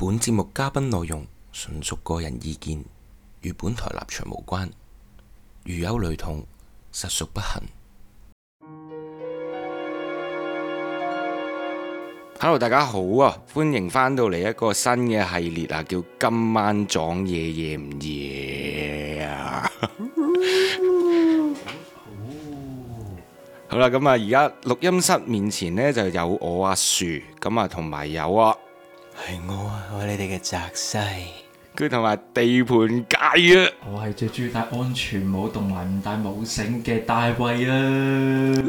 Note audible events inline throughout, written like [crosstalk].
本節目嘉賓內容純屬個人意見，與本台立場無關。如有雷同，實屬不幸。Hello，大家好啊，歡迎翻到嚟一個新嘅系列啊，叫今晚撞夜夜唔夜啊。 [laughs] [noise] [noise] 好啦，咁啊，而家錄音室面前呢，就有我阿樹，咁啊同埋有啊。係我啊！我係你哋嘅澤西，佢同埋地盤界啊！我係最注意帶安全帽，同埋唔帶帽繩嘅大衛啊！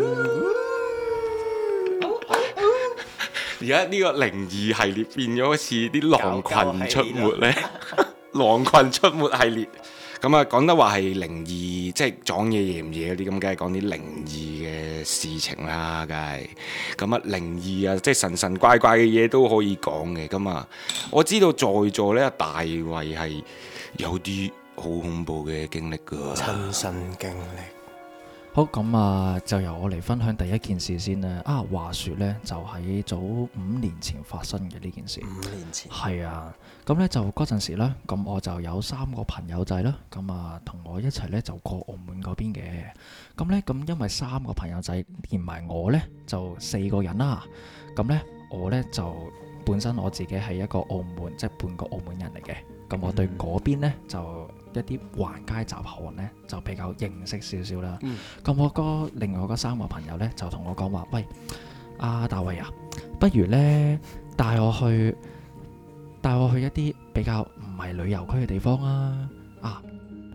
而家呢個靈異系列變咗好似啲狼群出沒咧，狼群出沒系列。咁啊，講得話係靈異，即係撞嘢、驗嘢嗰啲，咁梗係講啲靈異嘅事情啦，梗係。咁啊，靈異啊，即係神神怪怪嘅嘢都可以講嘅，咁啊，我知道在座呢大衛係有啲好恐怖嘅經歷㗎。親身經歷。好，咁啊，就由我嚟分享第一件事先啦，啊。啊，話說呢，就喺、是、早五年前發生嘅呢件事。五年前。係啊。咁咧就嗰陣時咧，咁我就有三個朋友仔啦。咁啊同我一齊咧就過澳門嗰邊嘅。咁咧，咁因為三個朋友仔連埋我咧就四個人啦。咁咧我咧就本身我自己係一個澳門即係、就是、半個澳門人嚟嘅。咁我對嗰邊咧就一啲橫街窄巷咧就比較認識少少啦。咁我個另外嗰三個朋友咧就同我講話：喂，阿大衛啊，不如咧帶我去。帶我去一啲比較唔係旅遊區嘅地方啊！啊，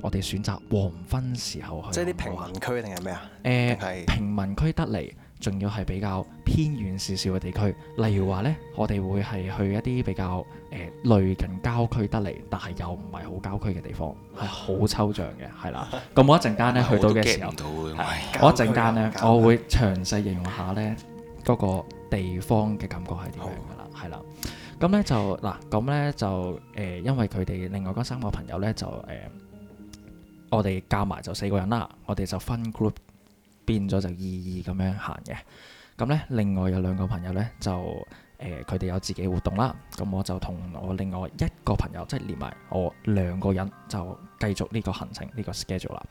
我哋選擇黃昏時候去，即係啲平民區定係咩啊？誒、呃，平民區得嚟，仲要係比較偏遠少少嘅地區。例如話咧，我哋會係去一啲比較誒、呃、類近郊區得嚟，但係又唔係好郊區嘅地方，係好抽象嘅，係啦。咁我一陣間咧去到嘅時候，啊我、哎、我一陣間咧，嗯、我會詳細形容下咧嗰個地方嘅感覺係點樣嘅啦，係啦、嗯。咁咧就嗱，咁咧就誒、呃，因為佢哋另外嗰三個朋友咧就誒、呃，我哋加埋就四個人啦。我哋就分 group 變咗就二二咁樣行嘅。咁咧，另外有兩個朋友咧就誒，佢、呃、哋有自己活動啦。咁我就同我另外一個朋友即係 [music] 連埋我兩個人就繼續呢個行程呢、呢個 schedule 啦。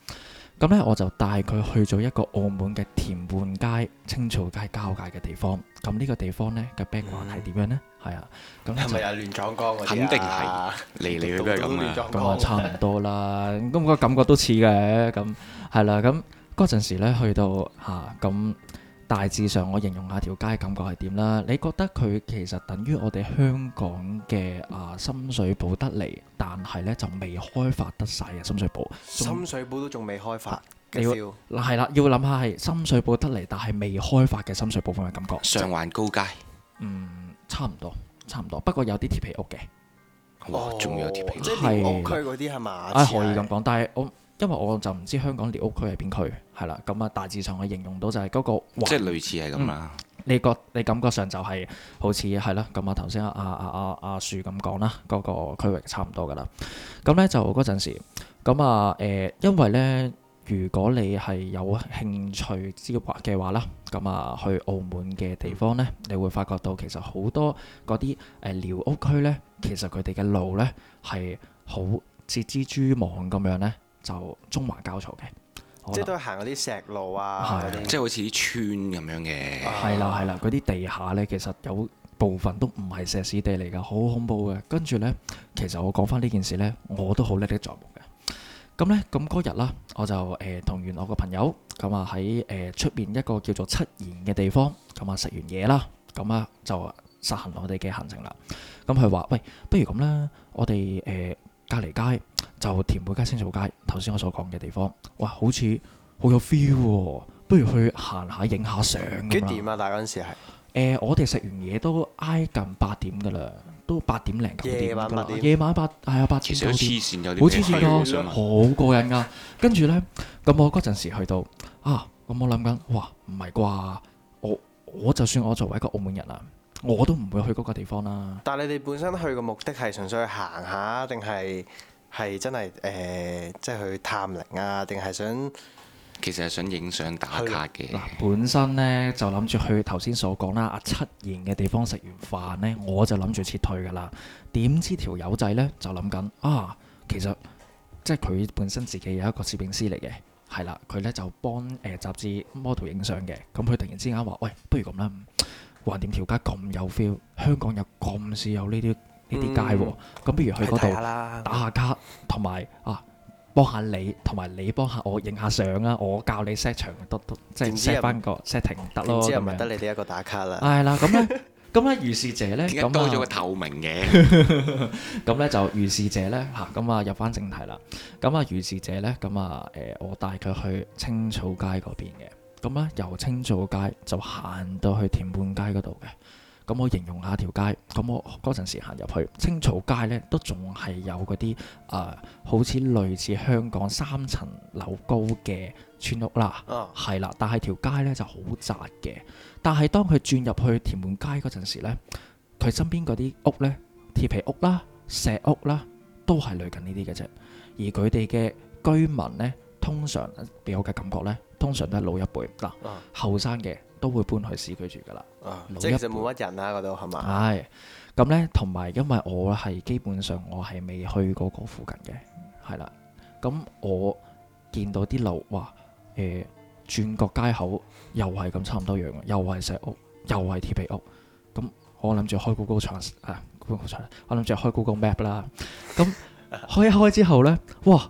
咁咧，我就帶佢去咗一個澳門嘅田半街、清草街交界嘅地方。咁呢個地方咧嘅 background 係點樣咧？嗯係啊，咁係咪又亂葬崗嗰啲啊？肯定係，嚟嚟去去都係咁啊，咁啊差唔多啦，咁個感覺都似嘅。咁係啦，咁嗰陣時咧去到嚇咁，大致上，我形容下條街感覺係點啦？你覺得佢其實等於我哋香港嘅啊深水埗得嚟，但係咧就未開發得晒嘅深水埗。深水埗都仲未開發嘅 feel，嗱係啦，要諗下係深水埗得嚟，但係未開發嘅深水埗份嘅感覺。上環高街，嗯。差唔多，差唔多。不過有啲鐵皮屋嘅，哇、哦！仲有鐵皮屋，即係屋區嗰啲係嘛？可以咁講，但係我因為我就唔知香港廉屋區係邊區，係啦。咁啊，大致上我形容到就係嗰個，即係類似係咁啊。你覺你感覺上就係好似係咯。咁啊，頭先阿阿阿阿樹咁講啦，嗰個區域差唔多噶啦。咁咧就嗰陣時，咁啊誒，因為咧。如果你係有興趣之嘅話啦，咁啊去澳門嘅地方呢，你會發覺到其實好多嗰啲誒寮屋區呢，其實佢哋嘅路呢係好似蜘蛛網咁樣呢，就縱橫交錯嘅。即係都係行嗰啲石路啊，即係好似啲村咁樣嘅。係啦係啦，嗰啲地下呢，其實有部分都唔係石屎地嚟噶，好恐怖嘅。跟住呢，其實我講翻呢件事呢，我都好叻叻咁咧，咁嗰日啦，我就誒同原來我個朋友，咁啊喺誒出邊一個叫做七賢嘅地方，咁啊食完嘢啦，咁、呃、啊就實行我哋嘅行程啦。咁佢話，喂，不如咁啦，我哋誒、呃、隔離街就田貝街、青草街，頭先我所講嘅地方，哇，好似好有 feel 喎、哦，不如去下下行下、影下相咁啦。幾點啊？大嗰陣時係誒、呃，我哋食完嘢都挨近八點噶啦。都點點點八點零咁啲，夜晚八、哎，夜晚八，係啊八點多啲，好黐線好過癮噶、啊。 [laughs] 跟住呢，咁我嗰陣時去到啊，咁我諗緊，哇，唔係啩？我我就算我作為一個澳門人啊，我都唔會去嗰個地方啦、啊。但係你哋本身去嘅目的係純粹去行下，定係係真係誒、呃，即係去探靈啊？定係想？其實係想影相打卡嘅、嗯。嗱，本身呢，就諗住去頭先所講啦，阿七賢嘅地方食完飯呢，我就諗住撤退噶啦。點知條友仔呢，就諗緊啊，其實即係佢本身自己有一個攝影師嚟嘅，係啦，佢呢就幫誒、呃、雜誌 model 影相嘅。咁佢突然之間話：喂，不如咁啦，橫掂條街咁有 feel，香港有咁少有呢啲呢啲街、啊，咁不如去嗰度打下卡，同埋、嗯、啊。幫下你，同埋你幫下我影下相啊！我教你 set 場，都都即係 set 翻個 setting 得咯。咁樣，唔得你哋一個打卡啦。係啦，咁咧，咁咧， [laughs] [laughs] 如是者咧，點解多咗個透明嘅？咁咧就如是者咧嚇，咁啊入翻正題啦。咁啊如是者咧，咁啊誒，我帶佢去青草街嗰邊嘅。咁咧由青草街就行到去田半街嗰度嘅。咁我形容下條街，咁我嗰陣時行入去青草街呢都仲係有嗰啲誒，好似類似香港三層樓高嘅村屋啦，係啦、啊，但係條街呢就好窄嘅。但係當佢轉入去田門街嗰陣時呢，佢身邊嗰啲屋呢，鐵皮屋啦、石屋啦，都係類近呢啲嘅啫。而佢哋嘅居民呢，通常俾我嘅感覺呢，通常都係老一輩嗱，後生嘅。啊都會搬去市區住噶啦，即係就冇乜人啦，嗰度係嘛？係咁咧，同埋因為我係基本上我係未去過嗰附近嘅，係啦。咁我見到啲路，哇！誒、呃、轉角街口又係咁差唔多樣，又係石屋，又係鐵皮屋。咁我諗住開 Google Trans、啊、Google Trans，我諗住開 Google Map 啦。咁開一開之後咧， [laughs] 哇！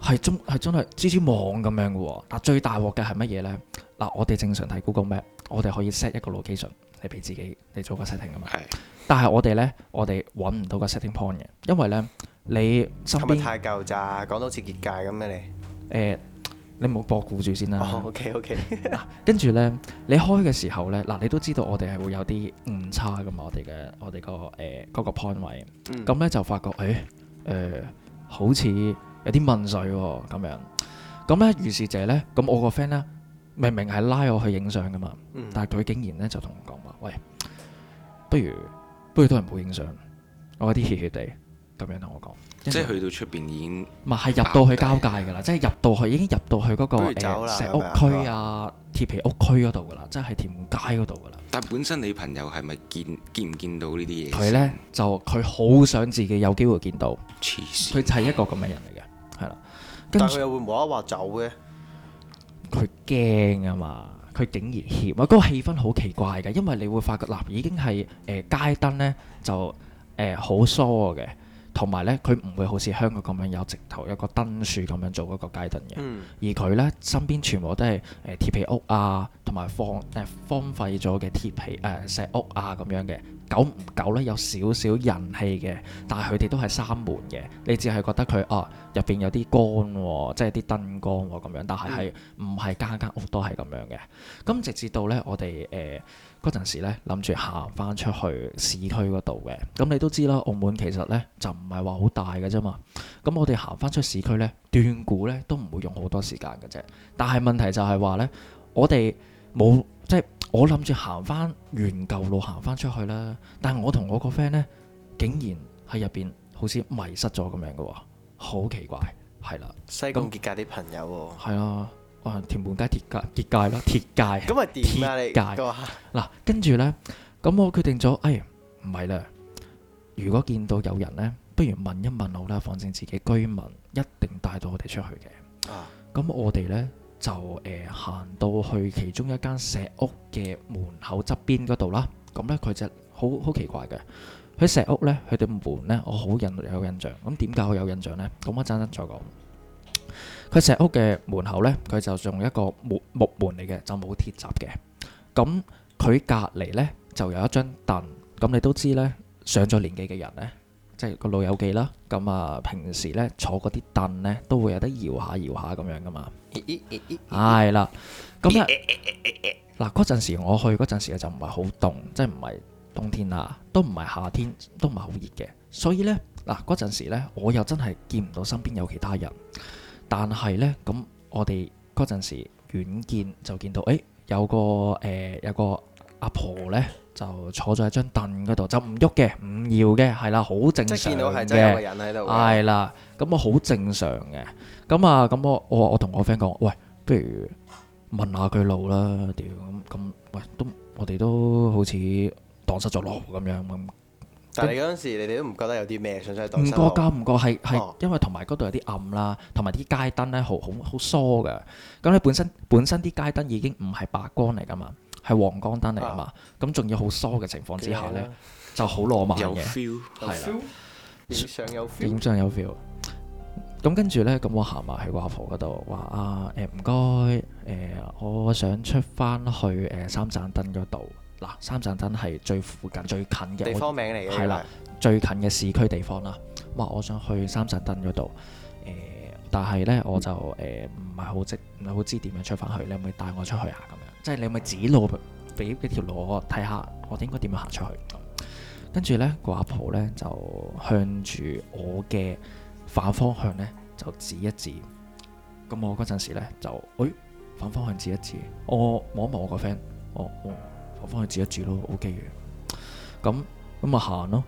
係中係真係蜘蛛網咁樣嘅喎、哦，嗱，最大鑊嘅係乜嘢咧？嗱，我哋正常睇 Google 咩？我哋可以 set 一個 location 嚟俾自己，你做個 setting 嘅嘛。係。但係我哋咧，我哋揾唔到個 setting point 嘅，因為咧你身邊太舊咋，講到似結界咁嘅你。誒、欸，你唔好博顧住先啦。o k、哦、OK, okay. [laughs] 啊。跟住咧，你開嘅時候咧，嗱、啊、你都知道我哋係會有啲誤差嘅嘛，我哋嘅我哋、呃那個誒嗰、呃那個 point 位。嗯。咁咧就發覺誒誒、欸呃呃、好似。有啲問水咁，哦、樣，咁咧於是就咧，咁我個 friend 咧，明明係拉我去影相噶嘛，嗯、但係佢竟然咧就同我講話，喂，不如不如都係唔好影相， [laughs] 我有啲怯怯地咁樣同我講。即係去到出邊已經，唔係係入到去交界噶啦，即係入到去已經入到去嗰、那個、呃、石屋區啊、麼鐵皮屋區嗰度噶啦，即係田門街嗰度噶啦。但係本身你朋友係咪見見唔見到呢啲嘢？佢咧就佢好想自己有機會見到，佢就係神話 一個咁嘅人嚟 [laughs] [laughs] 但佢又會冇得話走嘅，佢驚啊嘛！佢竟然怯啊！嗰、那個氣氛好奇怪嘅，因為你會發覺嗱、呃，已經係誒、呃、街燈咧就誒好疏嘅，同埋咧佢唔會好似香港咁樣有直頭有個燈柱咁樣做嗰個街燈嘅。嗯、而佢咧身邊全部都係誒、呃、鐵皮屋啊，同埋荒誒荒廢咗嘅鐵皮誒、呃、石屋啊咁樣嘅。久唔久呢有少少人氣嘅，但係佢哋都係閂門嘅，你只係覺得佢啊入邊有啲光喎、哦，即係啲燈光喎咁樣，但係係唔係間間屋都係咁樣嘅。咁直至到呢，我哋誒嗰陣時呢諗住行翻出去市區嗰度嘅。咁你都知啦，澳門其實呢就唔係話好大嘅啫嘛。咁我哋行翻出市區呢，斷估呢都唔會用好多時間嘅啫。但係問題就係話呢，我哋冇即係。我諗住行翻原舊路行翻出去啦，但係我同我個 friend 呢，竟然喺入邊好似迷失咗咁樣嘅喎，好奇怪，係啦。西貢結界啲朋友喎、哦。係我啊屯門街鐵界結界咯，鐵界。咁咪點啊？你嗱跟住呢，咁我決定咗，哎唔係咧，如果見到有人呢，不如問一問好啦，反正自己居民一定帶到我哋出去嘅。啊。咁我哋呢。就誒行，呃、到去其中一間石屋嘅門口側邊嗰度啦。咁咧佢就好好奇怪嘅喺石屋咧，佢啲門咧我好印有印象。咁點解我有印象咧？咁我陣間再講，佢石屋嘅門口咧，佢就用一個木木門嚟嘅，就冇鐵閘嘅。咁佢隔離咧就有一張凳。咁你都知咧，上咗年紀嘅人咧，即係個老友記啦。咁啊，平時咧坐嗰啲凳咧都會有得搖下搖下咁樣噶嘛。係 [noise] 啦，咁啊嗱，嗰陣時我去嗰陣時就唔係好凍，即係唔係冬天啦，都唔係夏天，都唔係好熱嘅，所以咧嗱嗰陣時咧，我又真係見唔到身邊有其他人，但係咧咁我哋嗰陣時遠見就見到誒、欸、有個誒、呃、有個阿婆咧就坐咗喺張凳嗰度就唔喐嘅，唔要嘅，係啦，好正常，即係見到係真有個人喺度，係啦，咁我好正常嘅。咁啊，咁、嗯嗯嗯、我我我同我 friend 講，喂，不如問下佢路啦，屌咁咁，喂都我哋都好似盪失咗路咁樣咁。嗯、但係嗰陣時，你哋都唔覺得有啲咩想想係盪失？唔過㗎，唔過係係，因為同埋嗰度有啲暗啦，同埋啲街燈咧好好好疏嘅。咁、嗯、你本身本身啲街燈已經唔係白光嚟噶嘛，係黃光燈嚟㗎嘛。咁仲要好疏嘅情況之下咧，就好浪漫嘅，係啦，影相有影相有 feel。咁跟住呢，咁我行埋去個阿婆嗰度，話啊，誒唔該，誒、呃、我想出翻去誒三盞燈嗰度。嗱、呃，三盞燈係最附近、最近嘅地方名嚟嘅，係啦，最近嘅市區地方啦。哇，我想去三盞燈嗰度、呃，但係呢，嗯、我就誒唔係好識唔係好知點樣出翻去，你可唔可以帶我出去啊？咁樣，即係你可唔可以指路俾嗰條路看看我睇下，我哋應該點樣行出去？跟住呢，個，阿婆呢就向住我嘅。反方向咧就指一指。咁我嗰陣時咧就，誒、哎，反方向指一指。哦、摸摸我望一望我個 friend，我我反方向指一指咯，OK 嘅，咁咁啊行咯，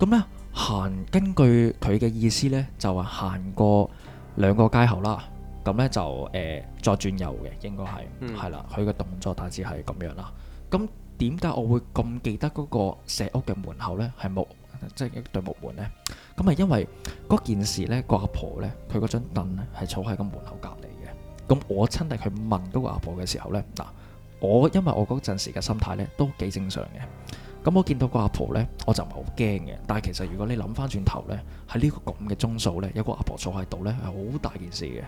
咁咧行，根據佢嘅意思咧就話行過兩個街口啦，咁咧就誒、呃、再轉右嘅，應該係，係啦、嗯，佢嘅動作大致係咁樣啦，咁點解我會咁記得嗰個石屋嘅門口咧係冇？即係一對木門咧，咁係因為嗰件事咧，個阿婆咧，佢嗰張凳咧係坐喺個門口隔離嘅。咁我親力去問嗰個阿婆嘅時候咧，嗱，我因為我嗰陣時嘅心態咧都幾正常嘅。咁我見到個阿婆咧，我就唔係好驚嘅。但係其實如果你諗翻轉頭咧，喺呢個咁嘅鐘數咧，有個阿婆坐喺度咧，係好大件事嘅。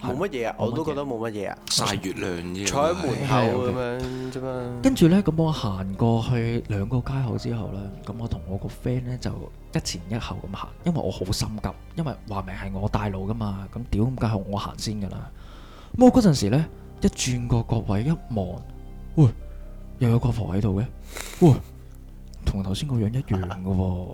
冇乜嘢啊，我都覺得冇乜嘢啊，晒月亮啫，坐喺門口咁樣啫嘛。跟住咧，咁我行過去兩個街口之後咧，咁我同我個 friend 咧就一前一後咁行，因為我好心急，因為話明係我帶路噶嘛，咁屌咁解係我行先噶啦。咁我嗰陣時咧一轉個角位一望，喂，又有個佛喺度嘅，喂，同頭先個樣一樣噶喎。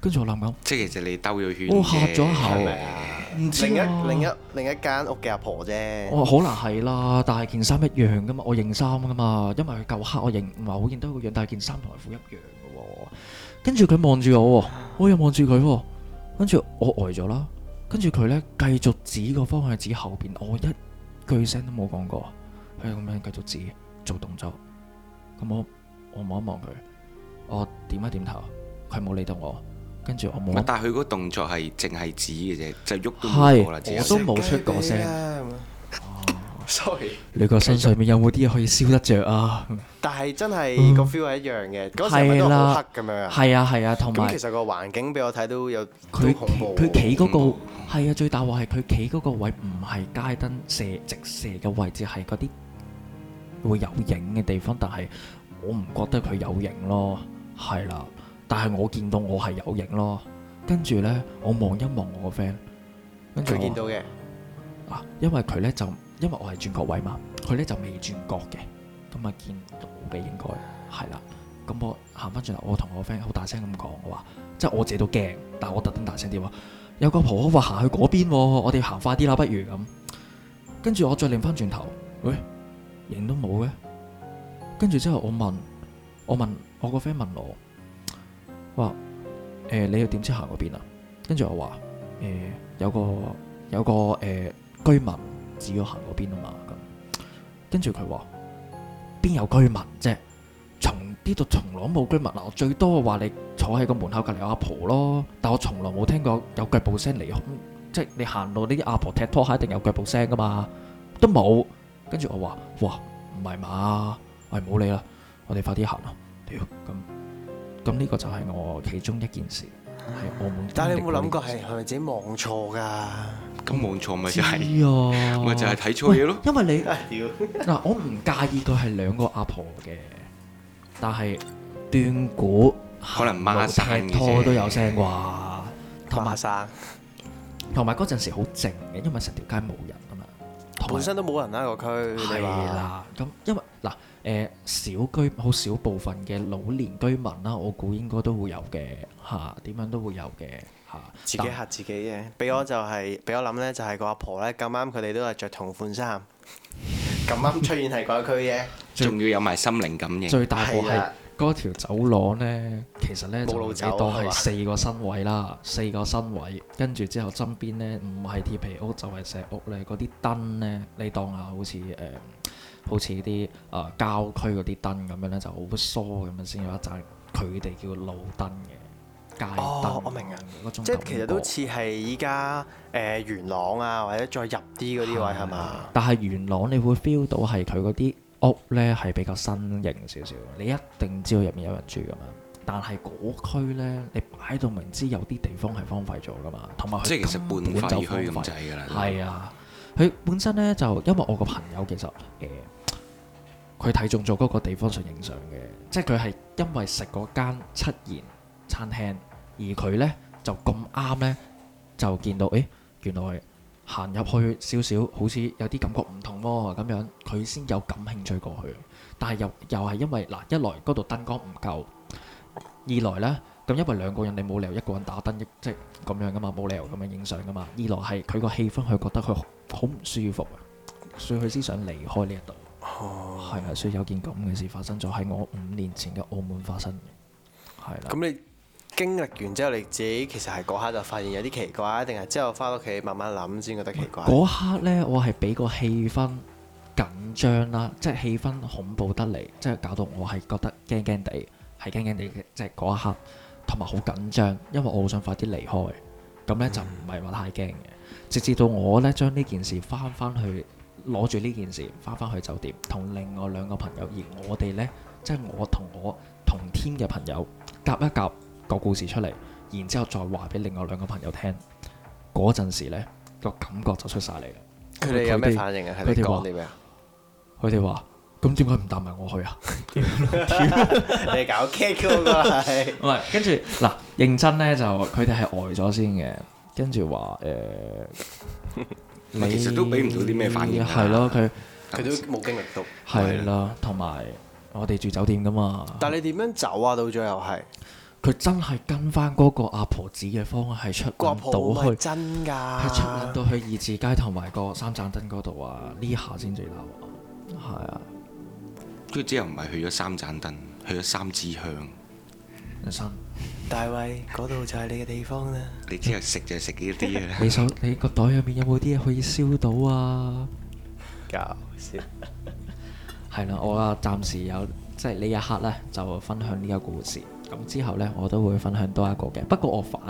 跟住我諗緊，即係其實你兜咗圈，我吓咗一下。另一、啊、另一另一間屋嘅阿婆啫，我話可能係啦，但係件衫一樣噶嘛，我認衫噶嘛，因為佢夠黑，我認唔係好認得佢樣，但係件衫同埋褲一樣嘅喎。跟住佢望住我，我又望住佢，跟住我呆咗啦。跟住佢咧繼續指個方向指後邊，我一句聲都冇講過，佢咁樣繼續指做動作。咁我我望一望佢，我點一點頭，佢冇理到我。跟住我冇。但係佢個動作係淨係指嘅啫，就喐都冇啦，都冇出嗰聲。哦，sorry。你個身上面有冇啲嘢可以燒得著啊？但係真係個 feel 係一樣嘅，嗰時都好黑咁樣嘅。係啊係啊，同埋。咁其實個環境俾我睇到有。佢佢企嗰個係啊，最大話係佢企嗰個位唔係街燈射直射嘅位置，係嗰啲會有影嘅地方，但係我唔覺得佢有影咯。係啦。但係我見到我係有影咯，跟住呢，我望一望我個 friend，跟住佢見到嘅、啊，因為佢呢就因為我係轉角位嘛，佢呢就未轉角嘅，咁啊見到嘅應該係啦。咁我行返轉頭，我同我個 friend 好大聲咁講，我話即係我自己都驚，但係我特登大聲啲話，有個婆婆話行去嗰邊喎，我哋行快啲啦，不如咁。跟住我再擰返轉頭，喂、欸，影都冇嘅，跟住之後我問我問我個 friend 問我。話誒、欸，你要點先行嗰邊啊？跟住我話誒、欸，有個有個誒、欸、居民指我行嗰邊啊嘛。咁跟住佢話邊有居民啫？從呢度從來冇居民，我最多話你坐喺個門口隔籬有阿婆咯。但我從來冇聽過有腳步聲嚟，即係你行路呢啲阿婆踢拖鞋，一定有腳步聲噶嘛？都冇。跟住我話哇，唔係嘛？喂、哎，唔好理啦，我哋快啲行咯。屌咁。咁呢個就係我其中一件事，係澳門。但係你有冇諗過係係咪自己望錯㗎？咁望錯咪就係，咪就係睇錯嘢咯。因為你嗱，我唔介意佢係兩個阿婆嘅，但係斷估可能抹曬拖都有聲啩，同埋同埋嗰陣時好靜嘅，因為成條街冇人啊嘛，本身都冇人啦個區，係啦，咁因為嗱。誒少、呃、居好少部分嘅老年居民啦，我估應該都會有嘅嚇，點、啊、樣都會有嘅嚇。啊、但自己吓自己嘅。俾我就係、是、俾、嗯、我諗、就、咧、是，嗯、就係、是嗯、個阿婆咧咁啱，佢哋都係着同款衫，咁啱 [laughs] 出現係嗰區嘅。仲要有埋心靈感應嘅。最大個係嗰條走廊咧，其實咧就你當係四個身位啦， [laughs] 四個身位，跟住之後側邊咧唔係鐵皮屋，屋就係、是、石屋咧，嗰啲燈咧你當下好似誒。嗯好似啲誒郊區嗰啲燈咁樣咧，就好疏咁樣先有一盞，佢哋叫路燈嘅街燈、哦。我明嘅、啊、嗰種、即係其實都似係依家誒元朗啊，或者再入啲嗰啲位係嘛？但係元朗你會 feel 到係佢嗰啲屋咧係比較新型少少，你一定知道入面有人住噶嘛。但係嗰區咧，你擺到明知有啲地方係荒廢咗噶嘛，同埋佢根本就荒廢㗎啦。係啊，佢本身咧就因為我個朋友其實誒。呃佢睇中咗嗰個地方上影相嘅，即係佢係因為食嗰間七賢餐廳，而佢呢就咁啱呢就見到，誒原來行入去少少，好似有啲感覺唔同喎，咁樣佢先有感興趣過去。但係又又係因為嗱，一來嗰度燈光唔夠，二來呢咁因為兩個人你冇理由一個人打燈，即係咁樣噶嘛，冇理由咁樣影相噶嘛。二來係佢個氣氛，佢覺得佢好唔舒服啊，所以佢先想離開呢一度。哦，係啊，所 [noise] 以有件咁嘅事發生咗，喺我五年前嘅澳門發生嘅，係啦。咁 [noise] 你經歷完之後，你自己其實係嗰刻就發現有啲奇怪，定係之後翻屋企慢慢諗先覺得奇怪？嗰 [noise] 刻呢，我係俾個氣氛緊張啦，即係氣氛恐怖得嚟，即係搞到我係覺得驚驚地，係驚驚地嘅，即係嗰一刻同埋好緊張，因為我好想快啲離開。咁呢，就唔係話太驚嘅， [noise] 直至到我呢，將呢件事翻翻去。攞住呢件事，翻返去酒店，同另外兩個朋友，而我哋呢，即係我，我，我同我同 team 嘅朋友，夾一夾個故事出嚟，然之後再話俾另外兩個朋友聽。嗰陣時呢，個感覺就出晒嚟。佢哋們有咩反應啊？係講啲咩啊？佢哋話：，咁點解唔帶埋我去啊？你搞 cake 㗎嘛？係 [laughs] [laughs] 跟住嗱，認真呢，就佢哋係呆咗先嘅，跟住話誒。 [laughs] 你其實都俾唔到啲咩反應，啊，係咯，佢佢都冇經歷到，係啦了，同埋了我哋住酒店噶嘛。但係你點樣走啊？到最後係佢真係跟翻嗰個阿婆指嘅方向係出揾到去，真㗎係、啊、出揾到去二字街同埋個三盞燈嗰度啊！呢下先至難，係啊。跟住、嗯、之後唔係去咗三盞燈，去咗三支香。阿生。大衛，嗰度就係你嘅地方啦。你之後食就食呢啲嘢啦。你所你個袋入面有冇啲嘢可以燒到啊？搞笑！係啦。我啊，暫時有即係呢一刻咧，就分享呢個故事。咁之後咧，我都會分享多一個嘅。不過我反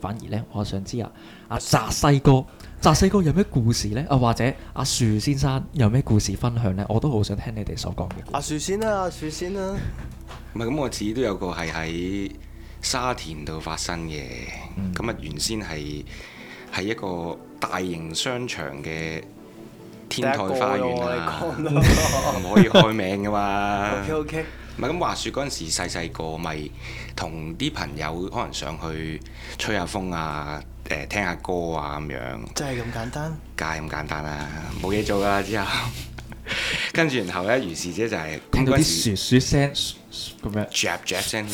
反而咧，我想知啊阿澤西哥，澤西哥有咩故事咧？啊或者阿樹先生有咩故事分享咧？我都好想聽你哋所講嘅。阿樹先啦，阿樹先啦。唔係咁，我自己都有個係喺。沙田度發生嘅，咁啊、嗯、原先係係一個大型商場嘅天台花園啊，唔 [laughs] 可以開名噶嘛。O K O K。咪咁話說嗰陣時細細個咪同啲朋友可能上去吹下風啊，誒、呃、聽下歌啊咁樣。真係咁簡單？梗係咁簡單啦、啊，冇嘢做㗎之後， [laughs] [laughs] 跟住然後咧，於是姐，姐，姐就係、是、聽到啲雪雪聲。咁樣，rap rap 先，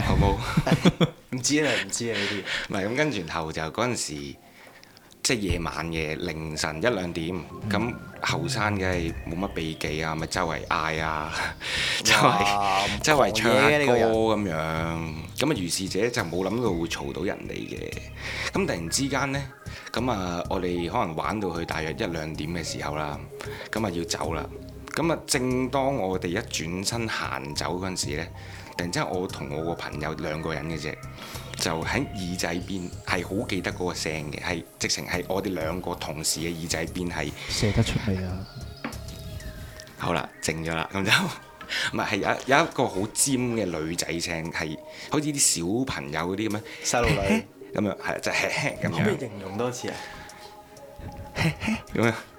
好唔好？唔 [laughs] [laughs] 知啊，唔知啊，呢啲。唔係咁，跟住然後就嗰陣時，即係夜晚嘅凌晨一兩點，咁後生嘅係冇乜避忌啊，咪周圍嗌啊，周圍周圍唱歌咁、啊、樣。咁啊，於是者就冇諗到會嘈到人哋嘅。咁突然之間咧，咁啊，我哋可能玩到去大約一兩點嘅時候啦，咁啊要走啦。咁啊！正當我哋一轉身行走嗰陣時呢，突然之間我同我個朋友兩個人嘅啫，就喺耳仔邊係好記得嗰個聲嘅，係直情係我哋兩個同事嘅耳仔邊係射得出嚟啊！好啦，靜咗啦，咁就唔係係有有一個好尖嘅女仔聲，係好似啲小朋友嗰啲咁樣細路女咁樣，係就係咁樣。就是、嘿嘿可唔可以形容多次啊？咁啊嘿？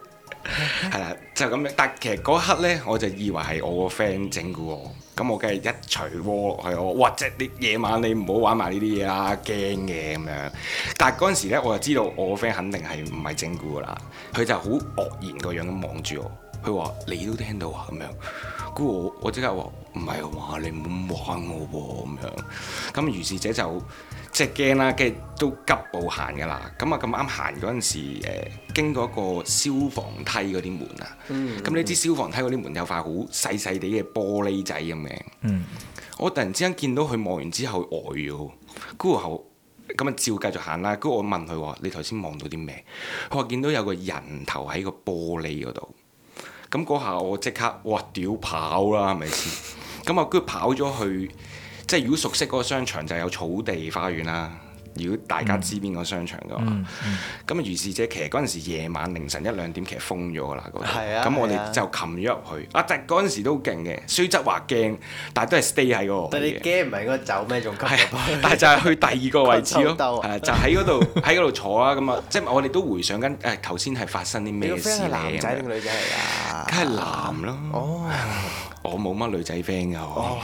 係啦， [laughs] 就咁樣，但其實嗰刻咧，我就以為係我個 friend 整蠱我。咁我梗係一錘鍋落去咯，或者你夜晚你唔好玩埋呢啲嘢啦，驚嘅咁樣。但係嗰陣時咧，我就知道我個 friend 肯定係唔係整蠱嘅啦，佢就好愕然個樣咁望住我，佢話你都聽到啊咁樣，估我我即刻話唔係啊你唔好玩我噃、啊、咁樣，咁於是者就。即係驚啦，跟住都急步行噶啦。咁啊咁啱行嗰陣時，誒、呃、經過一個消防梯嗰啲門啊。咁、嗯嗯、你知消防梯嗰啲門有塊好細細哋嘅玻璃仔咁樣。嗯、我突然之間見到佢望完之後呆咗，嗰個後咁啊照繼續行啦。咁我問佢話：你頭先望到啲咩？佢話見到有個人頭喺個玻璃嗰度。咁嗰下我即刻哇屌跑啦，係咪先？咁啊，跟住跑咗去。即係如果熟悉嗰個商場，就係有草地花園啦。如果大家知邊個商場㗎嘛？咁啊，如是者其實嗰陣時夜晚凌晨一兩點其實封咗啦。咁我哋就冚咗入去啊！但係嗰陣時都勁嘅，雖則話驚，但係都係 stay 喺度。但係你驚唔係應該走咩？仲係，但係就係去第二個位置咯。就喺嗰度喺度坐啦。咁啊，即係我哋都回想緊誒頭先係發生啲咩事。你個 friend 係男仔定女仔嚟啊？梗係男咯。我冇乜女仔 friend 嘅我。哦，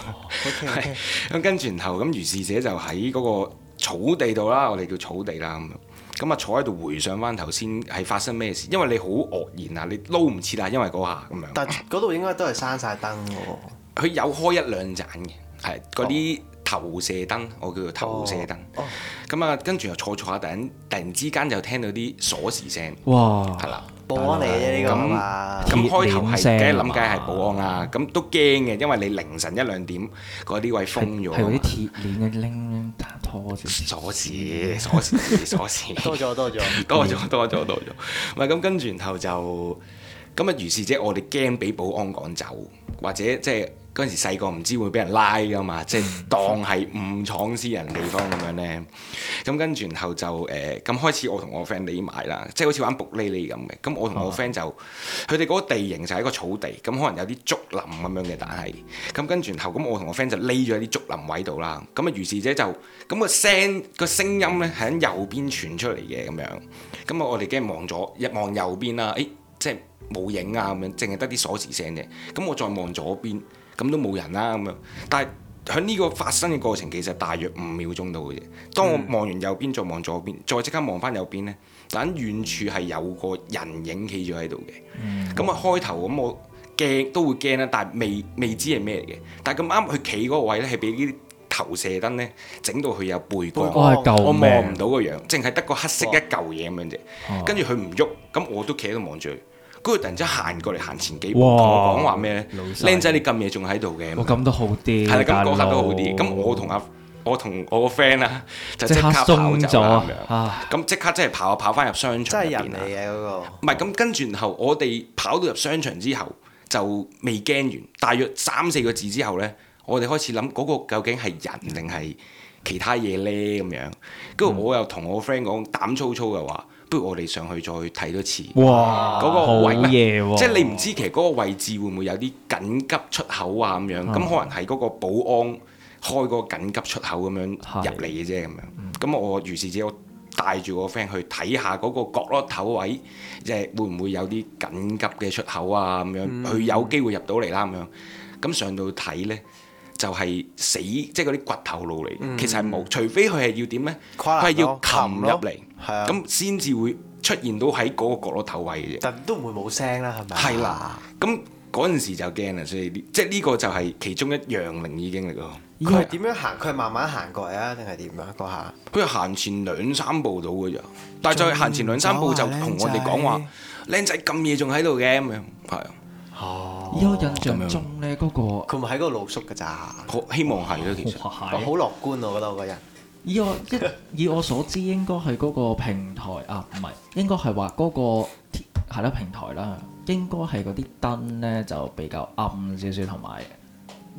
咁跟住然後咁如是者就喺嗰個。草地度啦，我哋叫草地啦咁樣，咁啊坐喺度回想翻頭先係發生咩事，因為你好愕然啊，你撈唔切啦，因為嗰下咁樣。但係嗰度應該都係閂晒燈喎、哦。佢有開一兩盞嘅，係嗰啲投射燈，哦、我叫做投射燈。咁啊、哦，嗯哦、跟住又坐坐下，突然突然之間就聽到啲鎖匙聲。哇！係啦。保咁開頭係梗諗緊係保安啦，咁、嗯、都驚嘅，因為你凌晨一兩點，嗰啲位封咗，係啲鐵鏈拎拖住，鎖匙鎖匙鎖匙，多咗 [laughs] 多咗多咗多咗對 多咗，唔係咁跟住然後就咁啊！如是者，我哋驚俾保安趕走，或者即係。嗰陣時細個唔知會俾人拉㗎嘛，即係當係誤闖私人地方咁樣咧。咁跟住然後就誒咁、呃、開始，我同我 friend 匿埋啦，即係好似玩卜哩哩咁嘅。咁我同我 friend 就佢哋嗰個地形就係一個草地，咁可能有啲竹林咁樣嘅，但係咁跟住然後咁我同我 friend 就匿咗喺啲竹林位度啦。咁啊於是者就咁、個聲、個聲音咧喺右邊傳出嚟嘅咁樣。咁啊我哋驚望左一望右邊啦，誒、哎、即係冇影啊咁樣，淨係得啲鎖匙聲嘅。咁我再望左邊。咁都冇人啦咁樣，但係喺呢個發生嘅過程其實大約五秒鐘到嘅啫。當我望完右邊再望左邊，再即刻望翻右邊咧，但喺遠處係有個人影企咗喺度嘅。咁啊、嗯、開頭咁我驚都會驚啦，但係未未知係咩嚟嘅。但係咁啱佢企嗰個位咧，係俾啲投射燈咧整到佢有背光，哇我望唔了到個樣，淨係得個黑色一嚿嘢咁樣啫。啊、跟住佢唔喐，咁我都企喺度望住佢。跟住突然之間行過嚟，行前幾步同哇我講話咩咧？僆仔你咁夜仲喺度嘅？我咁都好啲，係啦，咁嗰刻都好啲。咁我同阿我同我個 friend 啦，就即刻跑走咁樣。咁即刻即係、啊、跑跑翻入商場。即係人嚟嘅嗰個。唔係，咁跟住然後我哋跑到入商場之後，就未驚完。大約三四個字之後咧，我哋開始諗嗰個究竟係人定係其他嘢咧咁樣。跟住、嗯、我又同我個 friend 講膽粗粗嘅話。不如我哋上去再睇多次。哇！嗰個位，唔係、哦、即係你唔知，其實嗰個位置會唔會有啲緊急出口啊咁樣？咁的可能係嗰個保安開個緊急出口咁樣入嚟嘅啫咁樣。咁的我如是者我帶住個 friend 去睇下嗰個角落頭位，即係會唔會有啲緊急嘅出口啊咁樣？佢、嗯、有機會入到嚟啦咁樣。咁上到睇咧，就係、是、死即係嗰啲掘頭路嚟。嗯、其實係冇，除非佢係要點咧，佢係要擒入嚟。係啊，咁先至會出現到喺嗰個角落頭位嘅啫。但都唔會冇聲啦，係咪？係啦、啊，咁嗰陣時就驚啦，所以即係呢個就係其中一樣靈異經歷咯。佢點樣行？佢慢慢行過嚟啊，定係點啊？下佢行前兩三步到㗎咋，但係再行前兩三步就同我哋講話：靚仔咁夜仲喺度嘅咁樣。係啊，嚇、哦！依家印象中咧，嗰個佢咪喺個露宿㗎咋？好、哦、希望係咯，其實好樂觀我覺得我個人。以我一以我所知，應該係嗰個平台啊，唔係應該係話嗰個係啦平台啦，應該係嗰啲燈咧就比較暗少少，同埋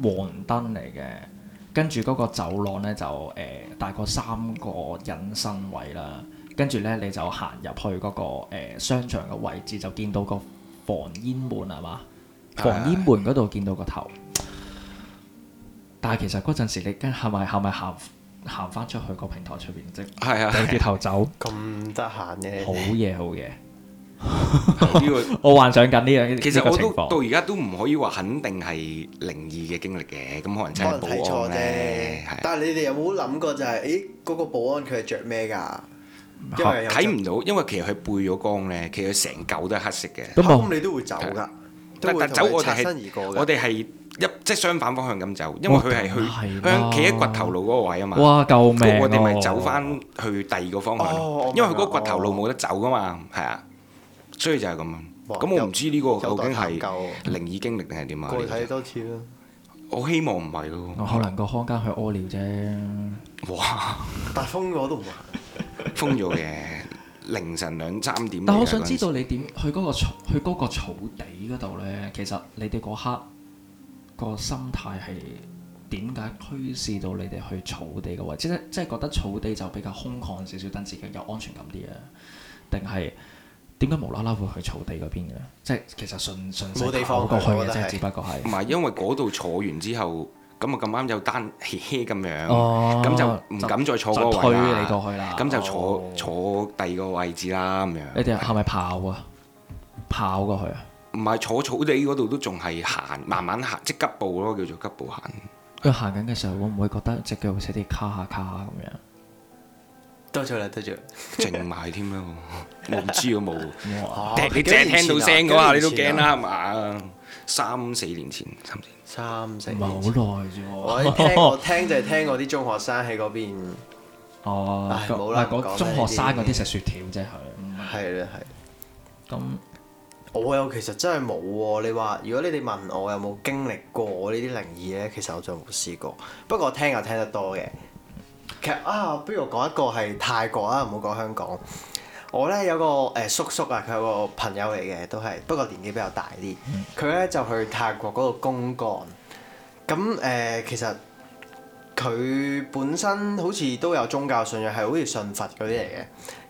黃燈嚟嘅。跟住嗰個走廊咧就誒、呃、大概三個隱身位啦。跟住咧你就行入去嗰、嗰個、呃、商場嘅位置，就見到個防煙門係嘛？哎、防煙門嗰度見到個頭，但係其實嗰陣時你跟係咪係咪行？是行翻出去個平台出邊，即係呀，掉頭走咁得閒嘅，好嘢好嘢。呢個我幻想緊呢樣，其實我都到而家都唔可以話肯定係靈異嘅經歷嘅，咁可能真係保安啫。係，但係你哋有冇諗過就係，誒嗰個保安佢係著咩㗎？因為睇唔到，因為其實佢背咗光咧，其實佢成嚿都係黑色嘅。咁你都會走㗎。但走我哋係我哋係一即係相反方向咁走，因為佢係去向企喺掘頭路嗰個位啊嘛。哇！救命啊！我哋咪走翻去第二個方向，因為佢嗰掘頭路冇得走噶嘛，係啊。所以就係咁。咁我唔知呢個究竟係靈異經歷定係點啊？我睇多次咯。我希望唔係咯。可能個殼家去屙尿啫。哇！但封咗都唔行。封咗嘅。凌晨兩三點，但我想知道你點去嗰個草， [noise] 去嗰個草地嗰度呢？其實你哋嗰刻、嗰個心態係點解驅使到你哋去草地嘅位置即係、即係、覺得草地就比較空曠少少，等自己有安全感啲啊？定係點解無啦啦會去草地嗰邊嘅？即係其實順順勢跑過去嘅，即係只不過係唔係因為嗰度坐完之後？咁啊，咁啱就單斜斜咁樣，咁、哦、就唔敢再坐嗰個位啦。推你過去啦，咁就坐、哦、坐第二個位置啦咁樣。你哋係咪跑啊？跑過去啊？唔係坐草地嗰度都仲係行，慢慢行，即急步咯，叫做急步行。佢行緊嘅時候會唔會覺得隻腳好似啲卡下卡下咁樣？多謝啦，多謝。靜埋添啊！我唔知啊冇。你正聽到聲嗰下、啊、你都驚啦係嘛？三四年前，三十年，唔係好耐啫喎！我聽我 [laughs] 聽就係聽嗰啲中學生喺嗰邊 [laughs] 哎、哦，係冇啦，講中學生嗰啲食雪條啫，係、嗯，係啦，係。咁那我又其實真係冇喎。你話如果你哋問我有冇經歷過我呢啲靈異呢？其實我就冇試過。不過我聽又聽得多嘅。其實啊，我不如講一個係泰國啊，唔好講香港。我咧有個誒叔叔啊，佢有個朋友嚟嘅，都係不過年紀比較大啲。佢咧就去泰國嗰個公幹。咁誒、呃、其實佢本身好似都有宗教信仰，係好似信佛嗰啲嚟嘅。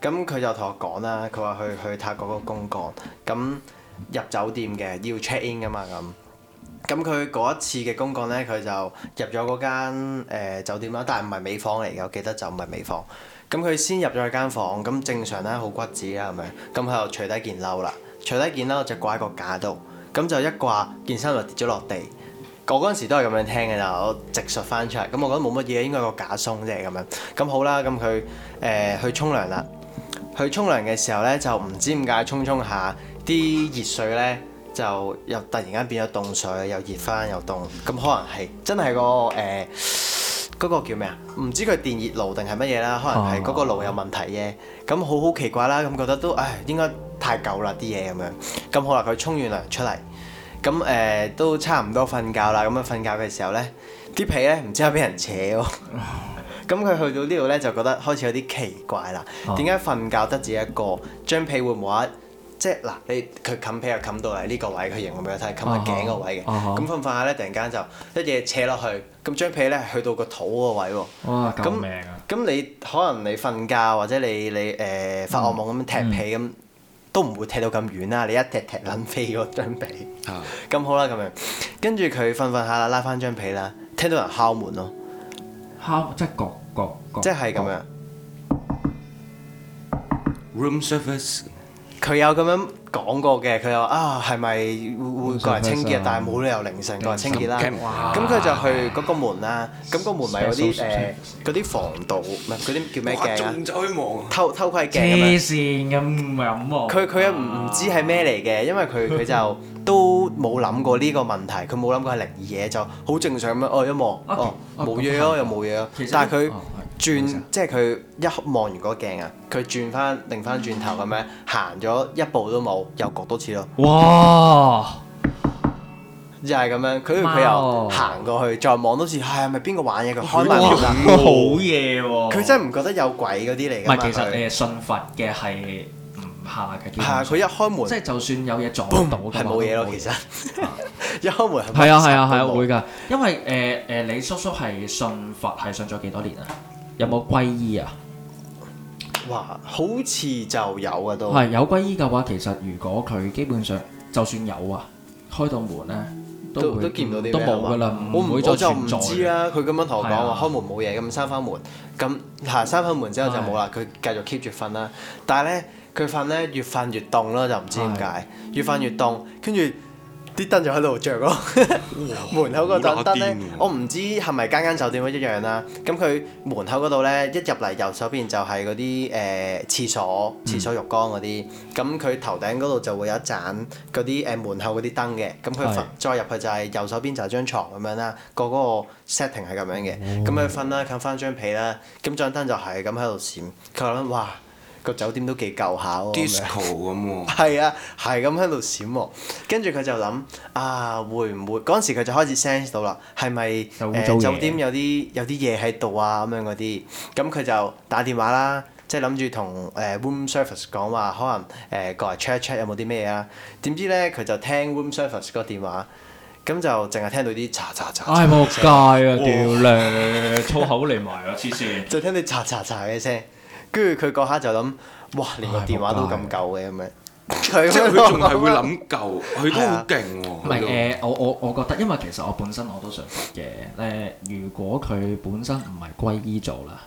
咁佢就同我講啦，佢話去去泰國個公幹。咁入酒店嘅要 check in 噶嘛，咁咁佢嗰一次嘅公幹咧，佢就入咗嗰間誒酒店啦，但係唔係美房嚟嘅。我記得就唔係美房。咁佢先入咗去間房，咁正常咧好骨子啦咁樣，咁佢度除低件褸啦，除低件褸就掛喺個架度，咁就一掛件衫就跌咗落地。我嗰陣時都係咁樣聽嘅咋，我直述翻出嚟，咁我覺得冇乜嘢，應該係個架鬆啫咁樣。咁好啦，咁佢誒去沖涼啦，去沖涼嘅時候呢，就唔知點解沖沖下啲熱水呢，就又突然間變咗凍水，又熱翻又凍，咁可能係真係、個誒。呃嗰個叫咩啊？唔知佢電熱爐定係乜嘢啦？可能係嗰個爐有問題啫。咁好好奇怪啦！咁覺得都唉，應該太舊啦啲嘢咁樣。咁好啦，佢沖完涼出嚟，咁誒、呃、都差唔多瞓覺啦。咁樣瞓覺嘅時候呢，啲被呢唔知係畀人扯喎。咁佢去到呢度呢，就覺得開始有啲奇怪啦。點解瞓覺得自己一個張被會冇一？即係嗱，你佢冚被又冚到嚟呢個位，佢形容畀佢睇，冚埋頸個位嘅。咁瞓瞓下咧，突然間就一嘢扯落去，咁張被咧去到個肚個位喎。哇！救命啊！咁、你可能你瞓覺或者你你誒、呃、發惡夢咁踢被咁、嗯，都唔會踢到咁遠啦。嗯、你一踢踢撚飛咗張被。咁、啊嗯、好啦，咁樣跟住佢瞓瞓下啦，拉翻張被啦，聽到人敲門咯。敲即係各各各。即係咁樣。Room service room.。佢有咁樣講過嘅，佢話啊，係咪會會過嚟清潔？但係冇理由凌晨過嚟清潔啦。咁佢就去嗰個門啦。咁個門咪有啲誒，嗰啲防盜唔係嗰啲叫咩鏡啊？偷偷窺鏡。咁又咁佢佢又唔知係咩嚟嘅，因為佢佢就都冇諗過呢個問題，佢冇諗過係靈異嘢，就好正常咁。哦，一望，哦，冇嘢咯，又冇嘢咯。但係佢。轉即係佢一望完嗰鏡啊，佢轉翻，擰翻轉回回頭咁樣行咗一步都冇，又焗多次咯。哇！又係咁樣，佢佢又行過去，再望多次，係咪邊個玩嘢？佢開埋門啦，好嘢喎！佢真係唔覺得有鬼嗰啲嚟嘅。其實你係信佛嘅，係唔怕嘅。係啊，佢一開門，即係就，就算有嘢撞到，係冇嘢咯。其實、啊、 [laughs] 一開門係冇嘢。係啊係啊係啊，啊，啊，會㗎。因為誒誒，你叔叔係信佛係信咗幾多年啊？有冇歸依啊？哇，好似就有啊都。係有歸依嘅話，其實如果佢基本上就算有啊，開到門咧都會都，都見唔到啲冇啊嘛。我唔了我就唔知啦。佢咁樣同我講話開門冇嘢咁，閂翻門咁，係閂翻門之後就冇啦。佢是、啊、繼續 keep 住瞓啦。但係咧佢瞓咧越瞓越凍咯，就唔知點解是、啊嗯、越瞓越凍，跟住。啲燈就喺度着咯， [laughs] 門口嗰盞燈咧，哇我唔知係咪間間酒店都一樣啦、啊。咁佢門口嗰度咧，一入嚟右手邊就係嗰啲誒廁所、廁所浴缸嗰啲。咁佢、嗯、頭頂嗰度就會有一盞嗰啲誒門口嗰啲燈嘅。咁佢瞓再入去就係右手邊就係張床咁樣啦。個嗰個 setting 係咁樣嘅，咁佢瞓啦，冚翻張被啦。咁、那、盞、個、燈就係咁喺度閃，佢話哇～個酒店都幾舊下喎，disco 咁喎。係啊，係咁喺度閃喎、喔。跟住佢就諗啊，會唔會嗰陣時佢就開始 sense 到啦，係咪誒酒店有啲有啲嘢喺度啊咁樣嗰啲？咁、嗯、佢就打電話啦，即係諗住同誒 room service 講話，可能誒、呃、過嚟 check 一 check 有冇啲咩啊。啦。點知咧佢就聽 room service 個電話，咁就淨係聽到啲查查查。唉、哎，仆街啊！屌你，粗口嚟埋啊黐線！ [laughs] 就聽到查查查嘅聲。跟住佢嗰下就諗，哇！連個電話都咁舊嘅咁樣，佢、哎、 [laughs] 即係佢仲係會諗舊，佢都好勁喎。唔係誒，我我我覺得，因為其實我本身我都想講嘅誒，如果佢本身唔係歸依做啦，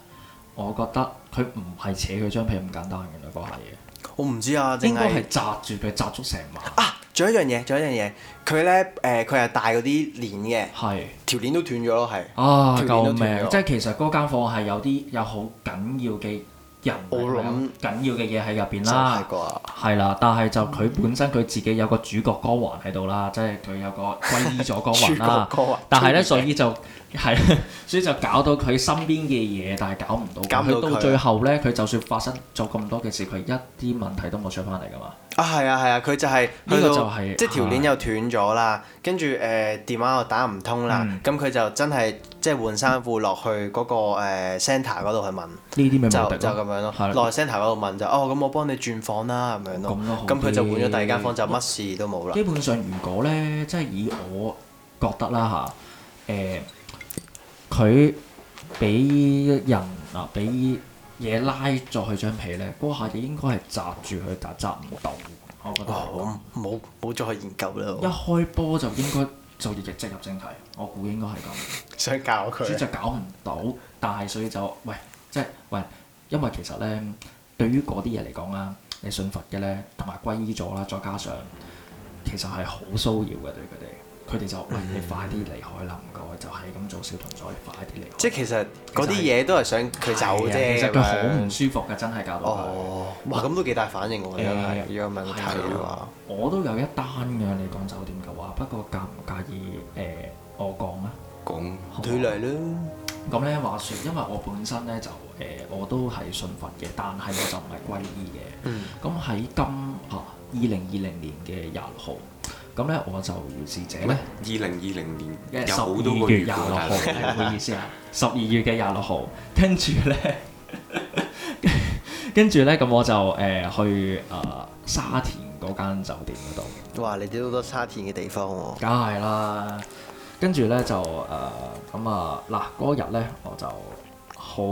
我覺得佢唔係扯佢張被咁簡單嘅，原來嗰下嘢。我唔知啊，應該係扎住佢扎足成晚。啊！仲、啊、有一樣嘢，仲有一樣嘢，佢咧誒，佢係戴嗰啲鏈嘅，係是條鏈都斷咗咯，係啊！救命！即係其實嗰間房係有啲有好緊要嘅。人入唔緊要嘅嘢喺入邊啦，係啦，但係就佢本身佢自己有個主角光環喺度啦，即係佢有個歸依咗光環啦， [laughs] 啊、但係咧所以就。係， [laughs] 所以就搞到佢身邊嘅嘢，但係搞唔到。搞到，到最後咧，佢就算發生咗咁多嘅事，佢一啲問題都冇出翻嚟㗎嘛。啊係啊係啊，佢、啊啊、就係、係、呢個、就係、即係條鏈又斷咗啦，跟住誒電話又打唔通啦，咁佢、嗯、就真係即係換衫褲落去嗰、嗰個誒 centre 嗰度去問。呢啲咪就就咁樣咯，落、啊、去 centre 嗰度問就哦，咁我幫你轉房啦，咁樣咯。咁佢、啊、就換咗第二間房就乜事都冇啦。基本上，如果咧，即、就、係、係、以我覺得啦吓。誒、呃。呃佢俾人啊俾嘢拉咗佢張被咧，嗰下嘢應該係扎住佢，但扎唔到。我覺得好，冇冇再去研究啦。一開波就應該就入正題，我估應該係咁。想教佢就搞唔到，但係所以就喂，即係喂，因為其實咧，對於嗰啲嘢嚟講啦，你信佛嘅咧，同埋皈依咗啦，再加上其實係好騷擾嘅對佢哋。佢哋就喂、哎、你快啲離開啦唔該，就係咁做小同再快啲離開。即係其實嗰啲嘢都係想佢走啫。其實佢好唔舒服噶，真係搞到。哦，嗯、哇，咁都幾大反應喎！誒、欸，如果問題嘅話，我都有一單嘅，你講酒店嘅話，不過介唔介意誒我講啊？講，好嚟啦。咁咧話說，因為我本身咧就誒、呃、我都係信佛嘅，但係我就唔係皈依嘅。嗯。咁喺今嚇二零二零年嘅廿六號。咁咧我就於是者咧，二零二零年十二月廿六號，係唔好 [laughs] 意思啊，十二月嘅廿六號，跟住咧， [laughs] 跟住咧，咁我就誒、呃、去誒、呃、沙田嗰間酒店嗰度。哇！你哋好多沙田嘅地方喎、哦。梗係啦，跟住咧就誒咁、呃、啊嗱嗰日咧我就好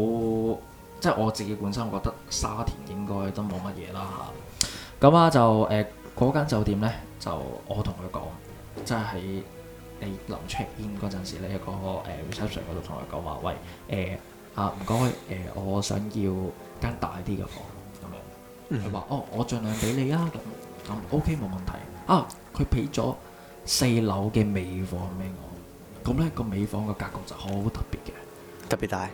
即係我自己本身覺得沙田應該都冇乜嘢啦嚇。咁啊就誒。呃嗰間酒店咧，就我同佢講，即係喺你臨 check in 嗰陣時呢，你、嗰個、呃、reception 嗰度同佢講話，喂誒、呃、啊唔該誒，我想要間大啲嘅房咁樣。佢話哦，我盡量俾你啊，咁 OK 冇問題。啊，佢俾咗四樓嘅美房俾我。咁咧個美房嘅格局就好特別嘅，特別大，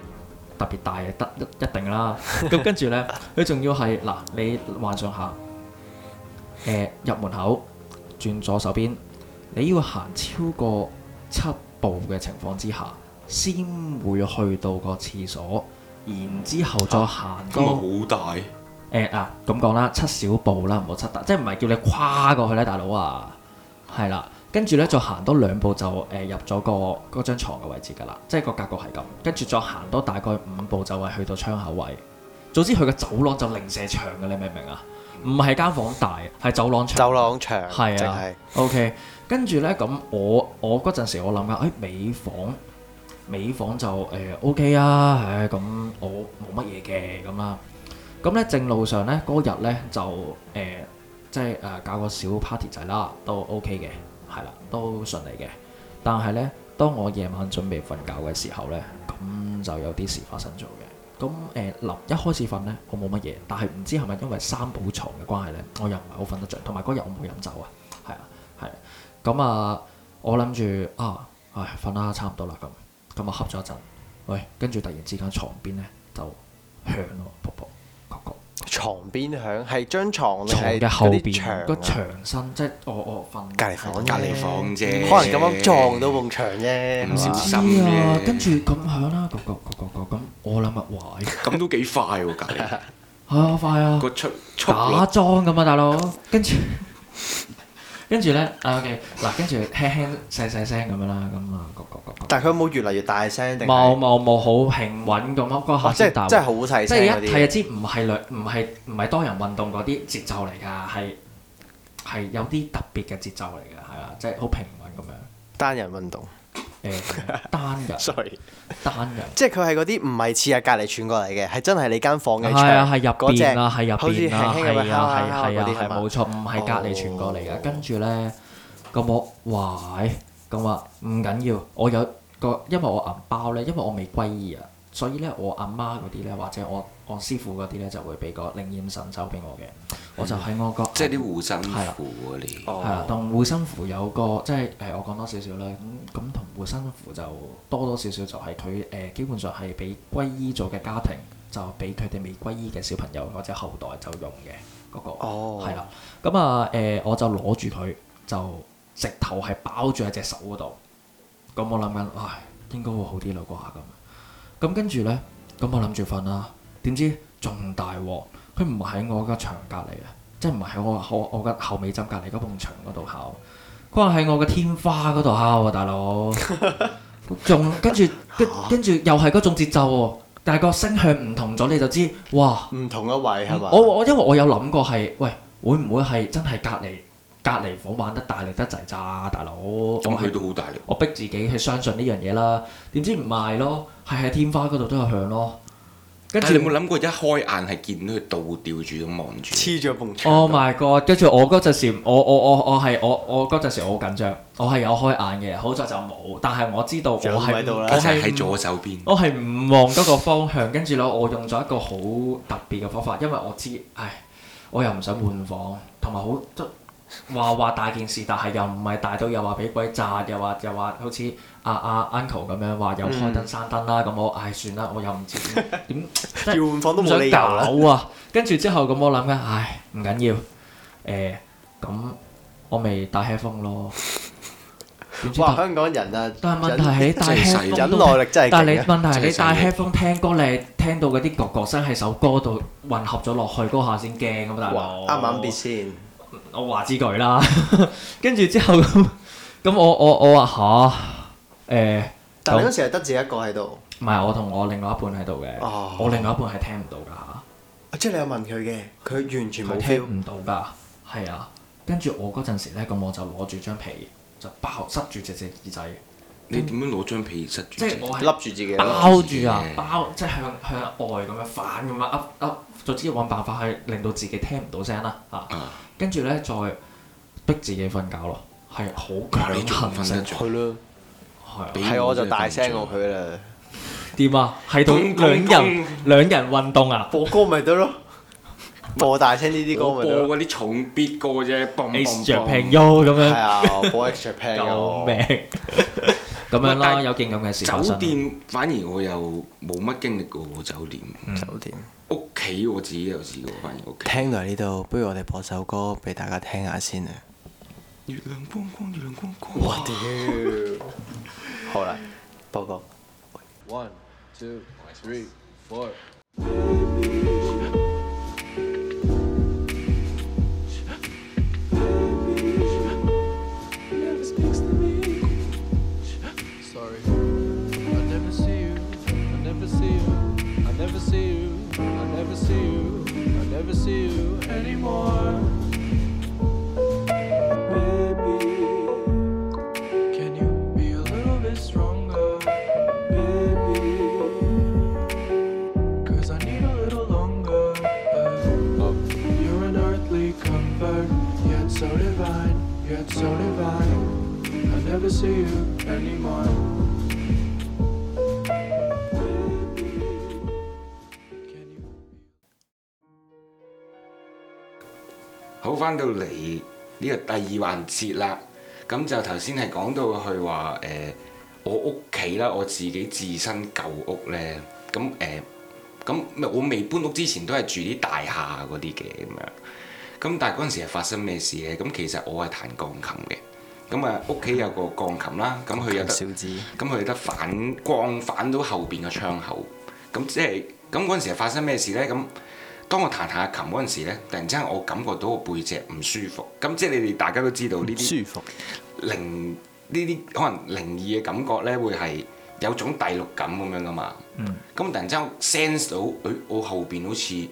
特別大得一一定啦。咁跟住咧，佢仲 [laughs] 要係嗱，你幻想下。誒入、呃、門口轉左手邊，你要行超過七步嘅情況之下，先會去到個廁所，然之後再行多。呢個好大。誒、呃、啊，咁講啦，七小步啦，唔好七大，即係唔係叫你跨過去咧，大佬啊，係啦，跟住咧再行多兩步就誒入咗個嗰張牀嘅位置㗎啦，即係個格局係咁，跟住再行多大概五步就係去到窗口位，早知佢嘅走廊就零舍長嘅，你明唔明啊？唔係間房大，係走廊長。走廊長係啊是，OK。跟住呢，咁，我我嗰陣時我諗緊，誒、哎、美房美房就誒、欸、OK 啊，誒、嗯、咁、嗯、我冇乜嘢嘅咁啦。咁呢正路上呢，嗰、那個、日呢，就誒即係誒搞個小 party 仔啦，都 OK 嘅，係啦，都順利嘅。但係呢，當我夜晚準備瞓覺嘅時候呢，咁就有啲事發生咗。咁誒臨一開始瞓咧，我冇乜嘢，但係唔知係咪因為三寶床嘅關係咧，我又唔係好瞓得着，同埋嗰日我冇飲酒啊，係啊，係、啊。咁啊，我諗住啊，唉，瞓得差唔多啦咁，咁啊恰咗一陣，喂、欸，跟住突然之間床邊咧就響咯，婆婆。床邊響，係張床係嗰啲牆，個牆身即係我瞓房隔離房，隔離房啫，可能咁樣撞到埲牆啫，唔小心啊。跟住咁響啦，咁我諗啊，哇！咁都幾快喎，隔離啊，係啊，快啊，個牆假裝咁啊，大佬，跟住 [laughs] 著。 [laughs] 跟住咧，啊 OK，嗱，跟住輕輕細細聲咁樣啦，咁、嗯、啊，個個個個。但係佢有冇越嚟越大聲？冇冇冇好平穩咁，個嚇。哇、哦！即係大，即係好細聲嗰啲。睇就知唔係兩，唔係唔係多人運動嗰啲節奏嚟㗎，係係有啲特別嘅節奏嚟㗎，係啦，即係好平穩咁樣。單人運動。誒、呃、單人，Sorry，單人，即係佢係嗰啲唔係似係隔離傳過嚟嘅，係真係你間房嘅，係啊，係入邊啊，係入邊啊，係啊，係啊，係冇錯，唔係隔離傳過嚟嘅。Oh. 跟住咧，咁我話喂，咁話唔緊要，我有個因為我銀包咧，因為我未歸二啊，所以咧我阿媽嗰啲咧，或者我我師傅嗰啲咧，就會俾個靈驗神走俾我嘅。我就喺我個即係啲護身符嗰啲，係同護身符有個即係誒，就是、我講多少少啦。咁咁同護身符就多多少少就係佢誒，基本上係俾皈依咗嘅家庭，就俾佢哋未皈依嘅小朋友或者、就是、後代就用嘅嗰、那個，係啦、哦。咁啊誒、呃，我就攞住佢，就直頭係包住喺隻手嗰度。咁我諗緊，唉，應該會好啲啦啩咁。咁跟住咧，咁我諗住瞓啦。點知仲大鑊！佢唔係喺我個牆隔離啊，即係唔係喺我我我個後尾枕隔離嗰埲牆嗰度敲，佢話喺我個天花嗰度敲啊，大佬。仲 [laughs] 跟住蛤跟住又係嗰種節奏喎，但係個聲向唔同咗你就知，哇！唔同嘅位係嘛？我我因為我有諗過係，喂，會唔會係真係隔離隔離房玩得大力得滯咋，大佬？咁佢都好大力。我逼自己去相信呢樣嘢啦，點知唔係咯。係喺天花嗰度都有向咯。跟住你有冇諗過一開眼係見到佢倒吊住咁望住？黐住棚。Oh my god！跟住我嗰陣時，我我我我係我我嗰陣時好緊張，我係有開眼嘅，好在就冇。但係我知道我係喺左手邊。我係唔望嗰個方向，跟住咧我用咗一個好特別嘅方法，因為我知，唉，我又唔想換房，同埋好話話大件事，但係又唔係大到又話俾鬼炸，又話又話好似阿、啊、阿、啊、uncle 咁樣話又開燈閂燈啦咁、嗯、我唉、哎、算啦，我又唔知點調 [laughs] 換房都冇理由搞啊！跟住之後咁我諗緊，唉唔緊要，誒咁、欸、我咪帶 headphone 咯。哇！但香港人啊，但係問題喺帶 headphone 都，但係你問題你帶 headphone 聽歌，你聽到嗰啲咯咯聲喺首歌度混合咗落去嗰下先驚咁，但係啱啱別先。哇才我話之佢啦，跟住之後咁，咁我我我話吓？誒、啊，欸、但係嗰時係得自己一個喺度，唔係我同我另外一半喺度嘅，啊、我另外一半係聽唔到噶嚇，即係你有問佢嘅，佢完全冇聽唔到㗎，係啊，跟住我嗰陣時咧，咁我就攞住張被，就包塞住隻隻耳仔。你點樣攞張被塞住？即係我係笠住自己，包住啊，包即係向向外咁樣反咁樣壓壓，再之後搵辦法去令到自己聽唔到聲啦嚇。跟住咧再逼自己瞓覺咯，係好強硬瞓得著。係咯，係。係我就大聲過佢啦。點啊？喺度兩人兩人運動啊？播歌咪得咯，播大聲呢啲歌咪得。播嗰啲重 B 級歌啫，蹦蹦蹦。H 上平腰咁樣。係啊，播 H 上平腰。救命！咁樣啦，有勁咁嘅事。酒店反而我又冇乜經歷過酒店。酒店屋企我自己有試過，反而屋企。聽到喺呢度，不如我哋播首歌俾大家聽下先啊！月亮光光，月亮光光。我屌！好啦，報告。One, two, three, four. [music] Anymore, 好，翻到嚟呢個第二環節啦。咁就頭先係講到去話誒、呃，我屋企啦，我自己自身舊屋咧。咁誒，咁、呃、我未搬屋之前都係住啲大廈嗰啲嘅咁樣。咁但係嗰陣時係發生咩事咧？咁其實我係彈鋼琴嘅。咁啊，屋企有個鋼琴啦，咁佢有得，咁佢得反光反到後邊個窗口，咁即係咁嗰陣時發生咩事呢？咁當我彈下琴嗰陣時咧，突然之間我感覺到個背脊唔舒服，咁即係你哋大家都知道呢啲舒服靈呢啲可能靈異嘅感覺呢，會係有種第六感咁樣噶嘛。咁、嗯、突然之間 sense 到，誒、哎、我後邊好似。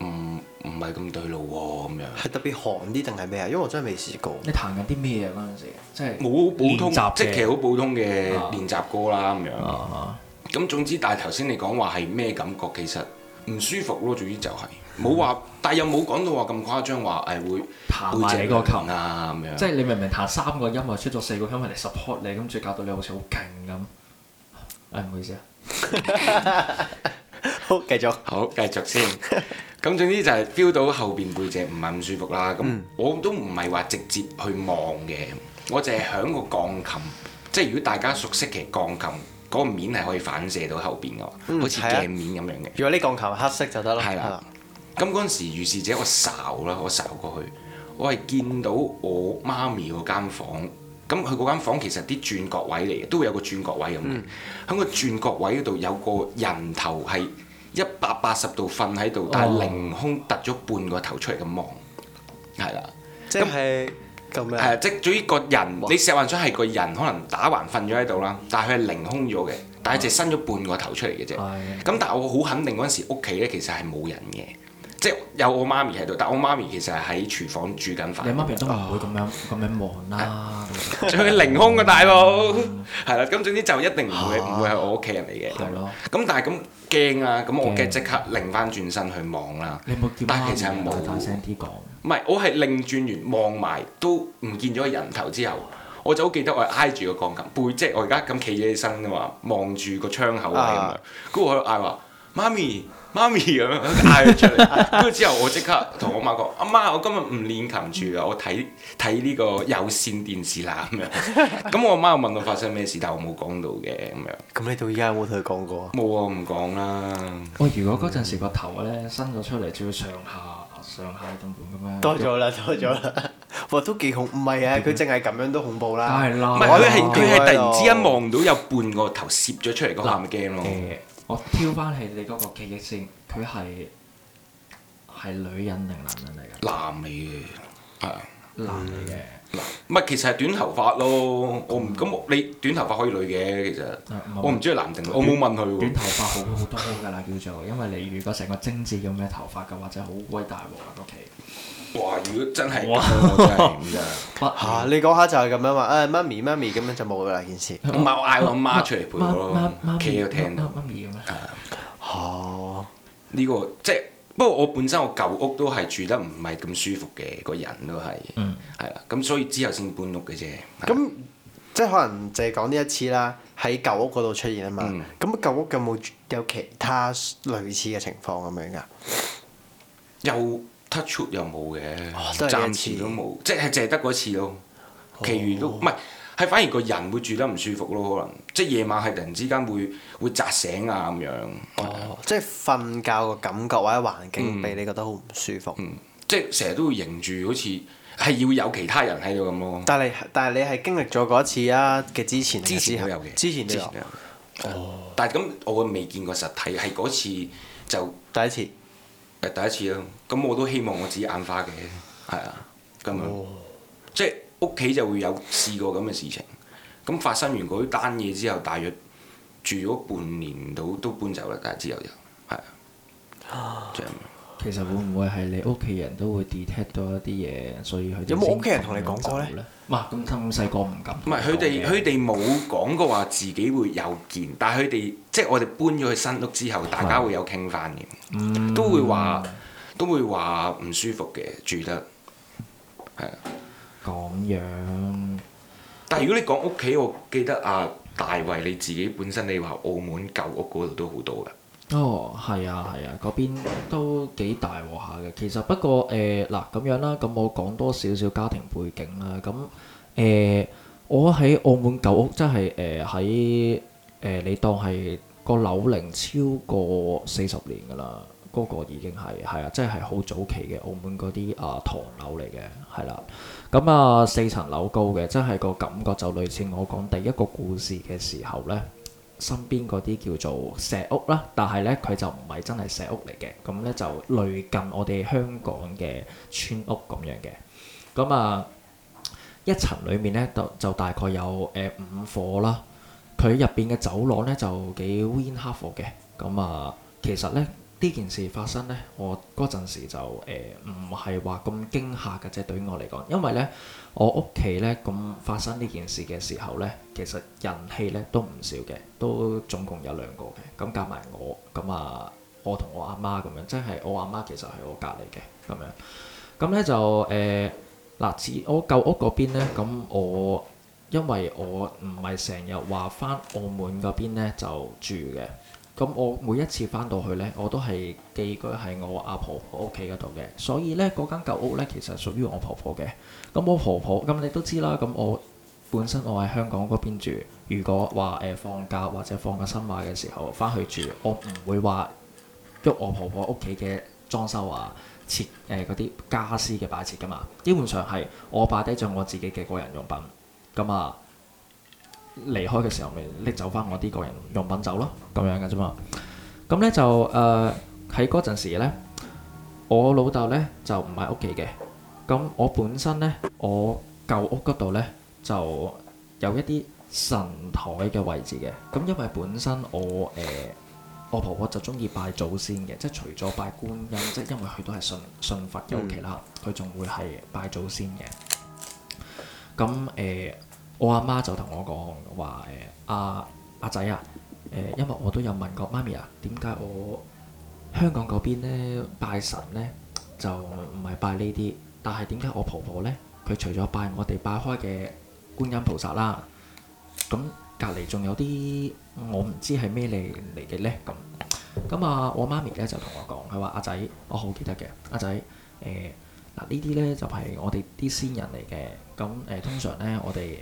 唔唔係咁對路喎，咁樣係特別寒啲定係咩啊？因為我真係未試過。你彈緊啲咩啊？嗰陣時即係冇補充，即係其實好普通嘅練習歌啦，咁樣。咁總之，但係頭先你講話係咩感覺？其實唔舒服咯，總之就係冇話，但係又冇講到話咁誇張，話誒會彈埋你個琴啊咁樣。即係你明明彈三個音，咪出咗四個音嚟 support 你，咁最搞到你好似好勁咁。誒唔好意思啊。好，繼續。好，繼續先。咁總之就係 feel 到後邊背脊唔係咁舒服啦。咁、嗯、我都唔係話直接去望嘅，我淨係響個鋼琴。即係如果大家熟悉其實鋼琴，嗰、那個面係可以反射到後邊嘅，嗯、好似鏡面咁樣嘅。如果呢鋼琴黑色就得咯。係啦、嗯。咁嗰陣時如是者我掃啦，我掃過去，我係見到我媽咪嗰間，間房。咁佢嗰間房其實啲轉角位嚟嘅，都會有個轉角位咁樣。響、嗯、個轉角位嗰度有個人頭係。一百八十度瞓喺度，但係凌空突咗半個頭出嚟咁望，係啦。即係咁啊！係啊、嗯，即係至於個人，哇你石幻想係個人可能打橫瞓咗喺度啦，但係佢係凌空咗嘅，但係只伸咗半個頭出嚟嘅啫。咁的但係我好肯定嗰陣時屋企咧，其實係冇人嘅。即係有我媽咪喺度，但係我媽咪其實係喺廚房煮緊飯。你媽咪都唔會咁樣咁樣望啦。佢凌空嘅大佬，係啦。咁總之就一定唔會唔會係我屋企人嚟嘅。咁但係咁驚啊！咁我梗係即刻擰翻轉身去望啦。你有冇叫？但係其實係冇大聲啲講。唔係，我係擰轉完望埋都唔見咗個人頭之後，我就好記得我係挨住個鋼琴背脊，即係我而家咁企住起身嘅嘛，望住個窗口位。啊。嗰個我挨話。媽咪，媽咪咁樣嗌出嚟，跟住 [laughs] 之後我即刻同我媽講：阿媽，我今日唔練琴住㗎，我睇睇呢個有線電視啦咁樣。咁我媽問我發生咩事，但我冇講到嘅咁樣。咁 [laughs] 你到依家有冇同佢講過？冇啊，唔講啦。哇、哦！如果嗰陣時個頭咧伸咗出嚟，仲要上下上下動動咁樣。多咗啦，多咗啦。哇，都幾恐，唔係啊，佢淨係咁樣都恐怖啦。係啦。唔係，佢係佢係突然之間望到有半個頭攝咗出嚟，嗰下咪驚咯。嗯我挑翻起你嗰個記憶先，佢係係女人定男人嚟㗎？男嚟嘅，係啊，男嚟嘅，唔係、嗯、其實係短頭髮咯。嗯、我唔咁，你短頭髮可以女嘅其實，嗯、我唔知係男定女，短我冇問佢喎、啊。短頭髮好好多㗎啦，叫做，因為你如果成個精緻咁嘅頭髮嘅話，就好鬼大鑊啦屋企。Okay。哇！如果真係咁，我真係唔得。你嗰下就係咁樣話，誒媽咪媽咪咁樣就冇啦件事。唔係我嗌我媽出嚟陪我咯，企喺度聽。媽咪咁樣。啊！呢、啊、個即係不過我本身我舊屋都係住得唔係咁舒服嘅，個人都係，係、嗯、啦。咁、嗯、所以之後先搬屋嘅啫。咁即係可能就係講呢一次啦，喺舊屋嗰度出現啊嘛。咁、嗯、舊屋有冇有，有其他類似嘅情況咁樣㗎？又。出出又冇嘅，暫時都冇，哦就係、即係淨係得嗰一次咯。其餘都唔係，係反而個人會住得唔舒服咯。可能即係夜晚係突然之間會會扎醒啊咁樣。哦、即係瞓覺嘅感覺或者環境俾你覺得好唔舒服。嗯嗯、即係成日都會迎住，好似係要有其他人喺度咁咯。但係但係你係經歷咗嗰一次啊嘅之，之前，之前有嘅，之前都有。嗯、但係咁我未見過實體，係嗰次就第一次。第一次咯，咁我都希望我自己眼花嘅。係啊，咁樣，即係屋企就會有試過咁嘅事情。咁發生完嗰啲單嘢之後，大約住咗半年到都搬走啦，但係之後又有，係啊，就係其實會唔會係你屋企人都會 detect 到一啲嘢，所以佢有冇屋企人同你講過咧？咁細個唔敢是。唔係佢哋，佢哋冇講過話自己會有見，但係佢哋即係我哋搬咗去新屋之後，大家會有傾翻嘅，都會話都會話唔舒服嘅住得係啊。咁樣。但係如果你講屋企，我記得阿、啊、大衛你自己本身你話澳門舊屋嗰度都好多㗎。哦，係啊，係啊，嗰邊都幾大鑊下嘅。其實不過誒嗱咁樣啦，咁我講多少少家庭背景啦。咁誒、呃，我喺澳門舊屋，即係誒喺誒，你當係個樓齡超過四十年噶啦，嗰、那個已經係係啊，即係好早期嘅澳門嗰啲啊唐樓嚟嘅，係啦、啊。咁啊四層樓高嘅，即係個感覺就類似我講第一個故事嘅時候咧。身邊嗰啲叫做石屋啦，但係咧佢就唔係真係石屋嚟嘅，咁咧就類近我哋香港嘅村屋咁樣嘅。咁啊，一層裡面咧就就大概有誒、呃、五夥啦。佢入邊嘅走廊咧就幾烏煙黑火嘅。咁啊，其實咧呢件事發生咧，我嗰陣時就誒唔係話咁驚嚇嘅啫，即係對於我嚟講，因為咧。我屋企咧咁發生呢件事嘅時候咧，其實人氣咧都唔少嘅，都總共有兩個嘅。咁夾埋我咁啊，我同我阿媽咁樣，即係我阿媽其實係我隔離嘅咁樣。咁咧就誒嗱，似我舊屋嗰邊咧，咁我因為我唔係成日話返澳門嗰邊咧就住嘅，咁我每一次返到去咧，我都係寄居喺我阿婆婆屋企嗰度嘅，所以咧嗰間舊屋咧其實屬於我婆婆嘅。咁我婆婆，咁你都知啦。咁我本身我喺香港嗰邊住，如果話誒、呃、放假或者放假新買嘅時候翻去住，我唔會話喐我婆婆屋企嘅裝修啊、設誒嗰啲家私嘅擺設噶嘛。基本上係我擺低咗我自己嘅個人用品，咁啊離開嘅時候咪拎走翻我啲個人用品走咯，咁樣嘅啫嘛。咁咧就誒喺嗰陣時咧，我老豆咧就唔喺屋企嘅。咁我本身呢，我舊屋嗰度呢，就有一啲神台嘅位置嘅。咁因為本身我誒、呃、我婆婆就中意拜祖先嘅，即係除咗拜觀音，即係因為佢都係信信佛嘅屋企啦，佢仲會係拜祖先嘅。咁誒、呃，我阿媽，媽就同我講話阿阿仔啊，啊，啊、呃，因為我都有問過媽咪啊，點解我香港嗰邊呢拜神呢，就唔係拜呢啲？但係點解我婆婆咧，佢除咗拜我哋拜開嘅觀音菩薩啦，咁隔離仲有啲我唔知係咩嚟嚟嘅咧？咁咁啊，我媽咪咧就同我講，佢話阿仔，我好記得嘅，阿仔，誒、呃、嗱呢啲咧就係、是、我哋啲先人嚟嘅。咁誒、呃、通常咧，我哋誒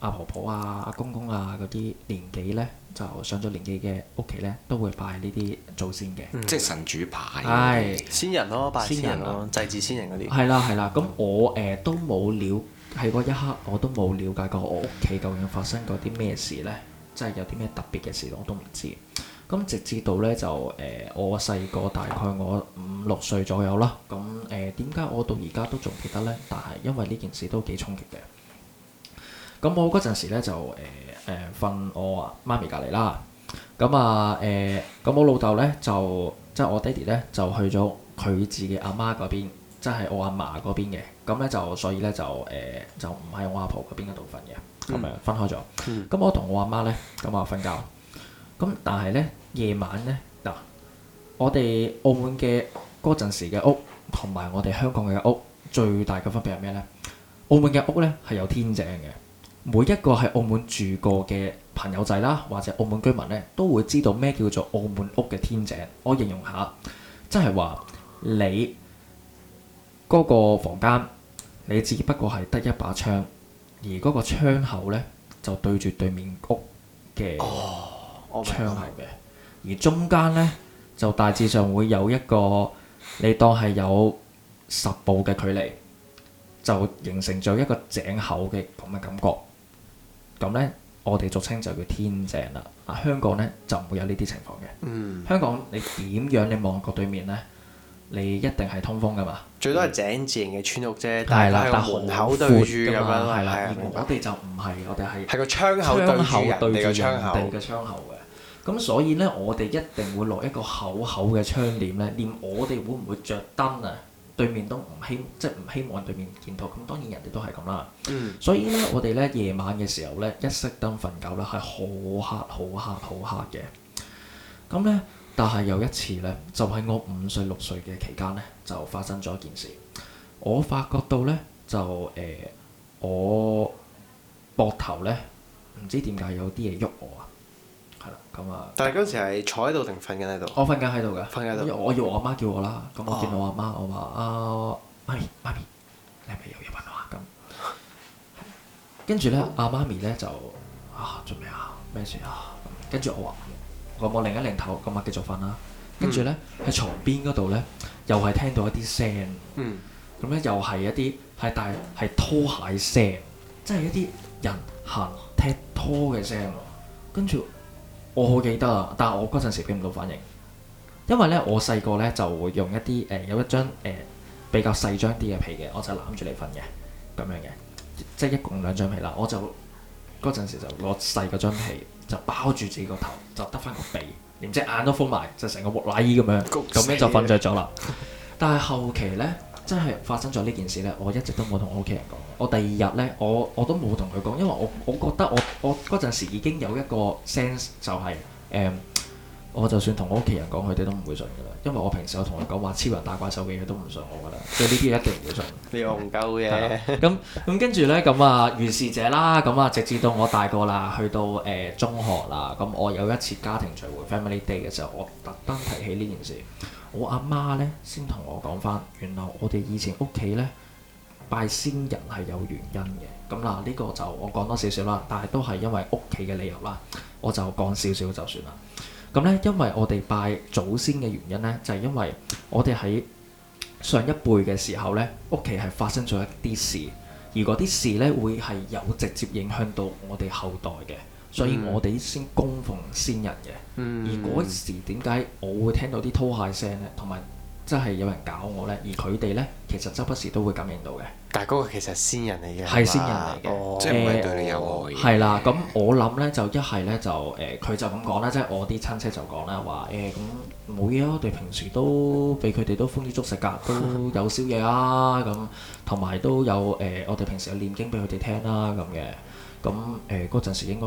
阿婆婆啊、阿公公啊嗰啲年紀咧，就上咗年紀嘅屋企咧，都會拜呢啲祖先嘅，即、嗯、神主牌、啊，係、哎、先人咯、啊，拜先人咯、啊，祭祀先人嗰、啊、啲。係啦、啊，係啦。咁我誒、呃、都冇了喺嗰一刻，我都冇了解過我屋企究竟發生過啲咩事咧，即係有啲咩特別嘅事我都唔知。咁直至到咧就誒、呃、我細個大概我五六歲左右啦。咁誒點解我到而家都仲記得咧？但係因為呢件事都幾衝擊嘅。咁我嗰陣時咧就誒、呃誒瞓、呃、我媽咪隔離啦，咁、嗯、啊誒，咁、嗯、我老豆咧就即係我爹哋咧就去咗佢自己阿媽嗰邊，即係我阿嫲嗰邊嘅，咁咧就所以咧就誒、呃、就唔喺我阿婆嗰邊嗰度瞓嘅，咁樣分開咗。咁、嗯、我同我阿媽咧咁啊瞓覺，咁但係咧夜晚咧嗱，我哋澳門嘅嗰陣時嘅屋同埋我哋香港嘅屋最大嘅分別係咩咧？澳門嘅屋咧係有天井嘅。每一個喺澳門住過嘅朋友仔啦，或者澳門居民咧，都會知道咩叫做澳門屋嘅天井。我形容下，即係話你嗰個房間，你只不過係得一把窗，而嗰個窗口咧就對住對面屋嘅窗口嘅，哦、而中間咧就大致上會有一個你當係有十步嘅距離，就形成咗一個井口嘅咁嘅感覺。咁咧，我哋俗稱就叫天井啦。啊，香港咧就唔會有呢啲情況嘅。嗯、香港你點樣？你望個對面咧，你一定係通風噶嘛。嗯、最多係井字形嘅村屋啫，但係門口對住咁樣，但係啦我哋就唔係，係啦我哋係係個窗口對住人地嘅窗口嘅。咁、嗯、所以咧，我哋一定會落一個厚厚嘅窗簾咧。連我哋會唔會著燈啊？對面都唔希，即係唔希望對面見到。咁當然人哋都係咁啦。嗯、所以咧，我哋咧夜晚嘅時候咧，一熄燈瞓覺咧係好黑、好黑、好黑、好黑、好黑嘅。咁咧，但係有一次咧，就喺我五歲六歲嘅期間咧，就發生咗一件事。我發覺到咧，就誒、呃、我膊頭咧，唔知點解有啲嘢喐我。咁啊！嗯、但係嗰時係坐喺度定瞓緊喺度？我瞓緊喺度嘅。瞓喺度。我要我阿媽，媽叫我啦。咁我見到我阿媽，媽，我話：啊、呃、媽咪，媽咪，你係咪又要問我啊？咁跟住咧，阿媽咪咧就啊做咩啊？咩事啊？跟住我話我冇擰一擰頭，咁我繼續瞓啦。跟住咧喺床邊嗰度咧，又係聽到一啲聲。嗯。咁咧又係一啲係帶係拖鞋聲，即、就、係、是、一啲人行踢拖嘅聲。跟住。我好記得啊，但係我嗰陣時俾唔到反應，因為咧我細個咧就會用一啲誒、呃、有一張誒、呃、比較細張啲嘅被嘅，我就攬住你瞓嘅，咁樣嘅，即係一共兩張被啦，我就嗰陣時就攞細嗰張被就包住自己個頭，就得翻個鼻，連隻眼都封埋，就成個木乃伊咁樣，咁就瞓着咗啦。但係後期咧。真係發生咗呢件事呢，我一直都冇同屋企人講。我第二日呢，我我都冇同佢講，因為我我覺得我我嗰陣時已經有一個 sense 就係、是、誒、嗯，我就算同我屋企人講，佢哋都唔會信㗎啦。因為我平時有同佢講話超人打怪手機，佢都唔信我㗎啦。即係呢啲嘢一定唔會信。你唔鳩嘅。咁咁跟住呢，咁啊遇事者啦，咁、嗯、啊直至到我大個啦，去到誒、呃、中學啦，咁、嗯、我有一次家庭聚會 （family day） 嘅時候，我特登提起呢件事。我阿媽咧先同我講返，原來我哋以前屋企咧拜先人係有原因嘅。咁嗱，呢個就我講多少少啦，但係都係因為屋企嘅理由啦，我就講少少就算啦。咁咧，因為我哋拜祖先嘅原因咧，就係因為我哋喺上一輩嘅時候咧，屋企係發生咗一啲事，而嗰啲事咧會係有直接影響到我哋後代嘅。所以我哋先供奉先人嘅，mm hmm。而嗰時點解我會聽到啲拖鞋聲咧，同埋即係有人搞我咧，而佢哋咧其實周不時都會感應到嘅。但係嗰個其實先人嚟嘅，係先人嚟嘅，哦、即係唔係對你有惡意。係啦、嗯，咁我諗咧就一係咧就誒，佢、呃、就咁講啦，即、就、係、是、我啲親戚就講啦，話誒咁冇嘢咯，我哋平時都俾佢哋都豐衣足食㗎，都有宵夜啊，咁同埋都有誒、呃，我哋平時有念經俾佢哋聽啦，咁嘅，咁誒嗰陣時應該。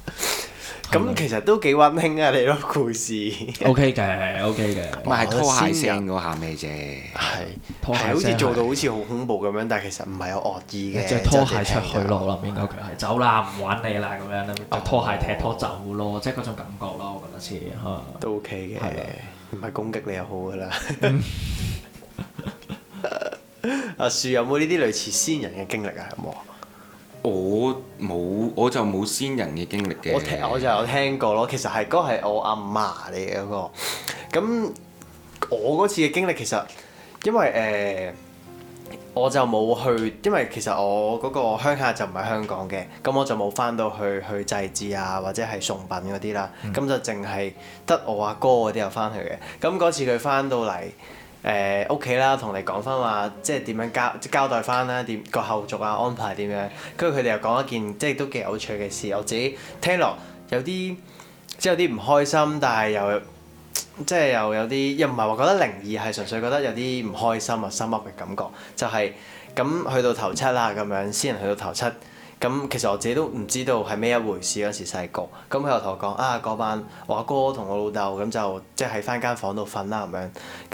咁其實都幾溫馨啊！你個故事，OK 嘅，OK 嘅，唔係拖鞋聲嗰下咩啫？係拖鞋好似做到好似好恐怖咁樣，但係其實唔係有惡意嘅，即係拖鞋出去咯，我諗應該佢係走啦，唔玩你啦，咁樣拖鞋踢拖走咯，即係嗰種感覺咯，我覺得似都 OK 嘅，唔係攻擊你又好噶啦。阿樹有冇呢啲類似先人嘅經歷啊？有冇啊？我冇，我就冇先人嘅經歷嘅。我聽我就有聽過咯，其實係嗰係我阿嫲嚟嘅嗰個。咁我嗰次嘅經歷其實，因為誒、呃，我就冇去，因為其實我嗰個鄉下就唔喺香港嘅。咁我就冇翻到去去祭祀啊，或者係送品嗰啲啦。咁就淨係得我阿哥嗰啲有翻去嘅。咁嗰次佢翻到嚟。誒，屋企啦，同你講翻話，即係點樣交交代翻啦，點個後續啊安排點樣？跟住佢哋又講一件即係都幾有趣嘅事，我自己聽落有啲即係有啲唔開心，但係又即係又有啲又唔係話覺得靈異，係純粹覺得有啲唔開心啊心噏嘅感覺，就係咁去到頭七啦，咁樣先去到頭七。咁其實我自己都唔知道係咩一回事。嗰時細個咁佢又同我講啊，嗰班我阿哥同我老豆，咁就即係喺翻間房度瞓啦，咁樣。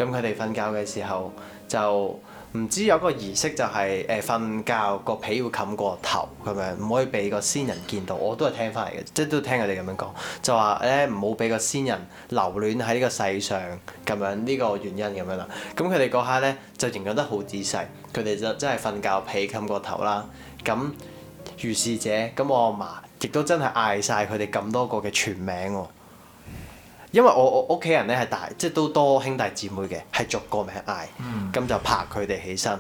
咁佢哋瞓覺嘅時候就唔知有個儀式，就係誒瞓覺個被要冚過頭咁樣，唔可以俾個先人見到我都係聽翻嚟嘅，即係都聽佢哋咁樣講，就話咧唔好俾個先人留戀喺呢個世上咁樣，呢個原因咁樣啦。咁佢哋嗰下咧就形容得好仔細，佢哋就真係瞓覺被冚過頭啦咁。如是者，咁我阿嫲亦都真係嗌晒佢哋咁多個嘅全名喎、哦，因為我我屋企人咧係大，即係都多兄弟姊妹嘅，係逐個名嗌，咁、嗯、就拍佢哋起身，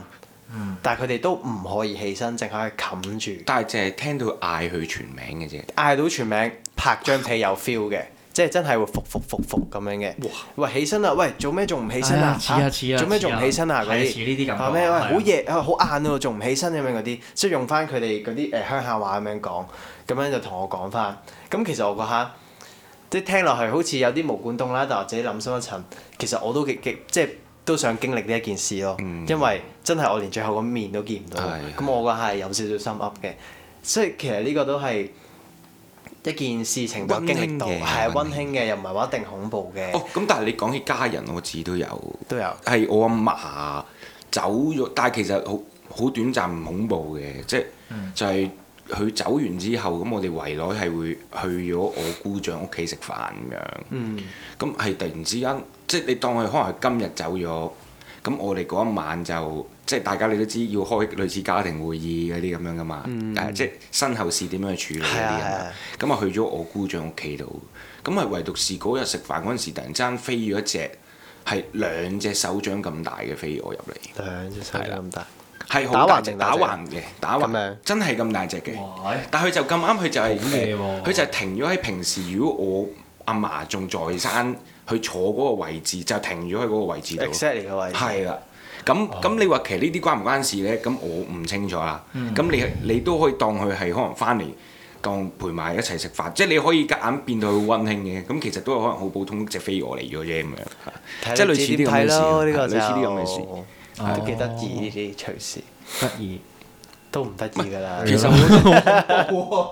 嗯、但係佢哋都唔可以起身，淨係可以冚住。但係淨係聽到嗌佢全名嘅啫。嗌到全名，拍張被有 feel 嘅。即係真係會復復復復咁樣嘅哇，喂起身啦，喂做咩仲唔起身啊？似啊似啊，做咩仲唔起身啊？嗰啲似呢啲咁。話咩？喂好夜好晏咯，仲唔起身咁樣嗰啲，即係用翻佢哋嗰啲誒鄉下話咁樣講，咁樣就同我講翻。咁其實我嗰下，即係聽落去好似有啲毛管棟啦，但係自己諗深一層，其實我都極極即係都想經歷呢一件事咯。因為真係我連最後個面都見唔到，咁、嗯嗯、我嗰下係、嗯哎、呦 有少少心噏嘅。所以其實呢個都係一件事情嘅經歷嘅，係溫馨嘅，又唔係話一定恐怖嘅。哦，咁但係你講起家人，我自己都有，都有。係我阿嫲走咗，但係其實好好短暫、唔恐怖嘅，即係就係、係、佢、嗯、走完之後，咁我哋圍內係會去咗我姑丈屋企食飯咁樣。嗯。咁係突然之間，即係你當佢可能係今日走咗，咁我哋嗰一晚就。即係大家你都知要開類似家庭會議嗰啲咁樣噶嘛？誒、嗯，即係身後事點樣去處理嗰啲咁啊？嗯、去咗我姑丈屋企度，咁啊唯獨是嗰日食飯嗰陣時，突然間飛咗一隻係兩隻手掌咁大嘅飛蛾入嚟，兩隻手掌咁大，打橫嘅打橫嘅打橫，真係咁大隻嘅。但係佢就咁啱，佢就係、是、佢、啊、就係停咗喺平時如果我阿嫲仲在生，佢坐嗰個位置就停咗喺嗰個位置度。exactly 嘅位置。係啦。咁咁你話其實呢啲關唔關事咧？咁我唔清楚啦。咁你你都可以當佢係可能翻嚟當陪埋一齊食飯，即係你可以夾硬變到佢好温馨嘅。咁其實都有可能好普通隻飛蛾嚟咗啫咁樣，睇你即係類似啲咁嘅事。呢個、類似啲咁嘅事、哦、係都幾得意，呢啲隨時得意。都唔得意噶啦，其實好恐怖，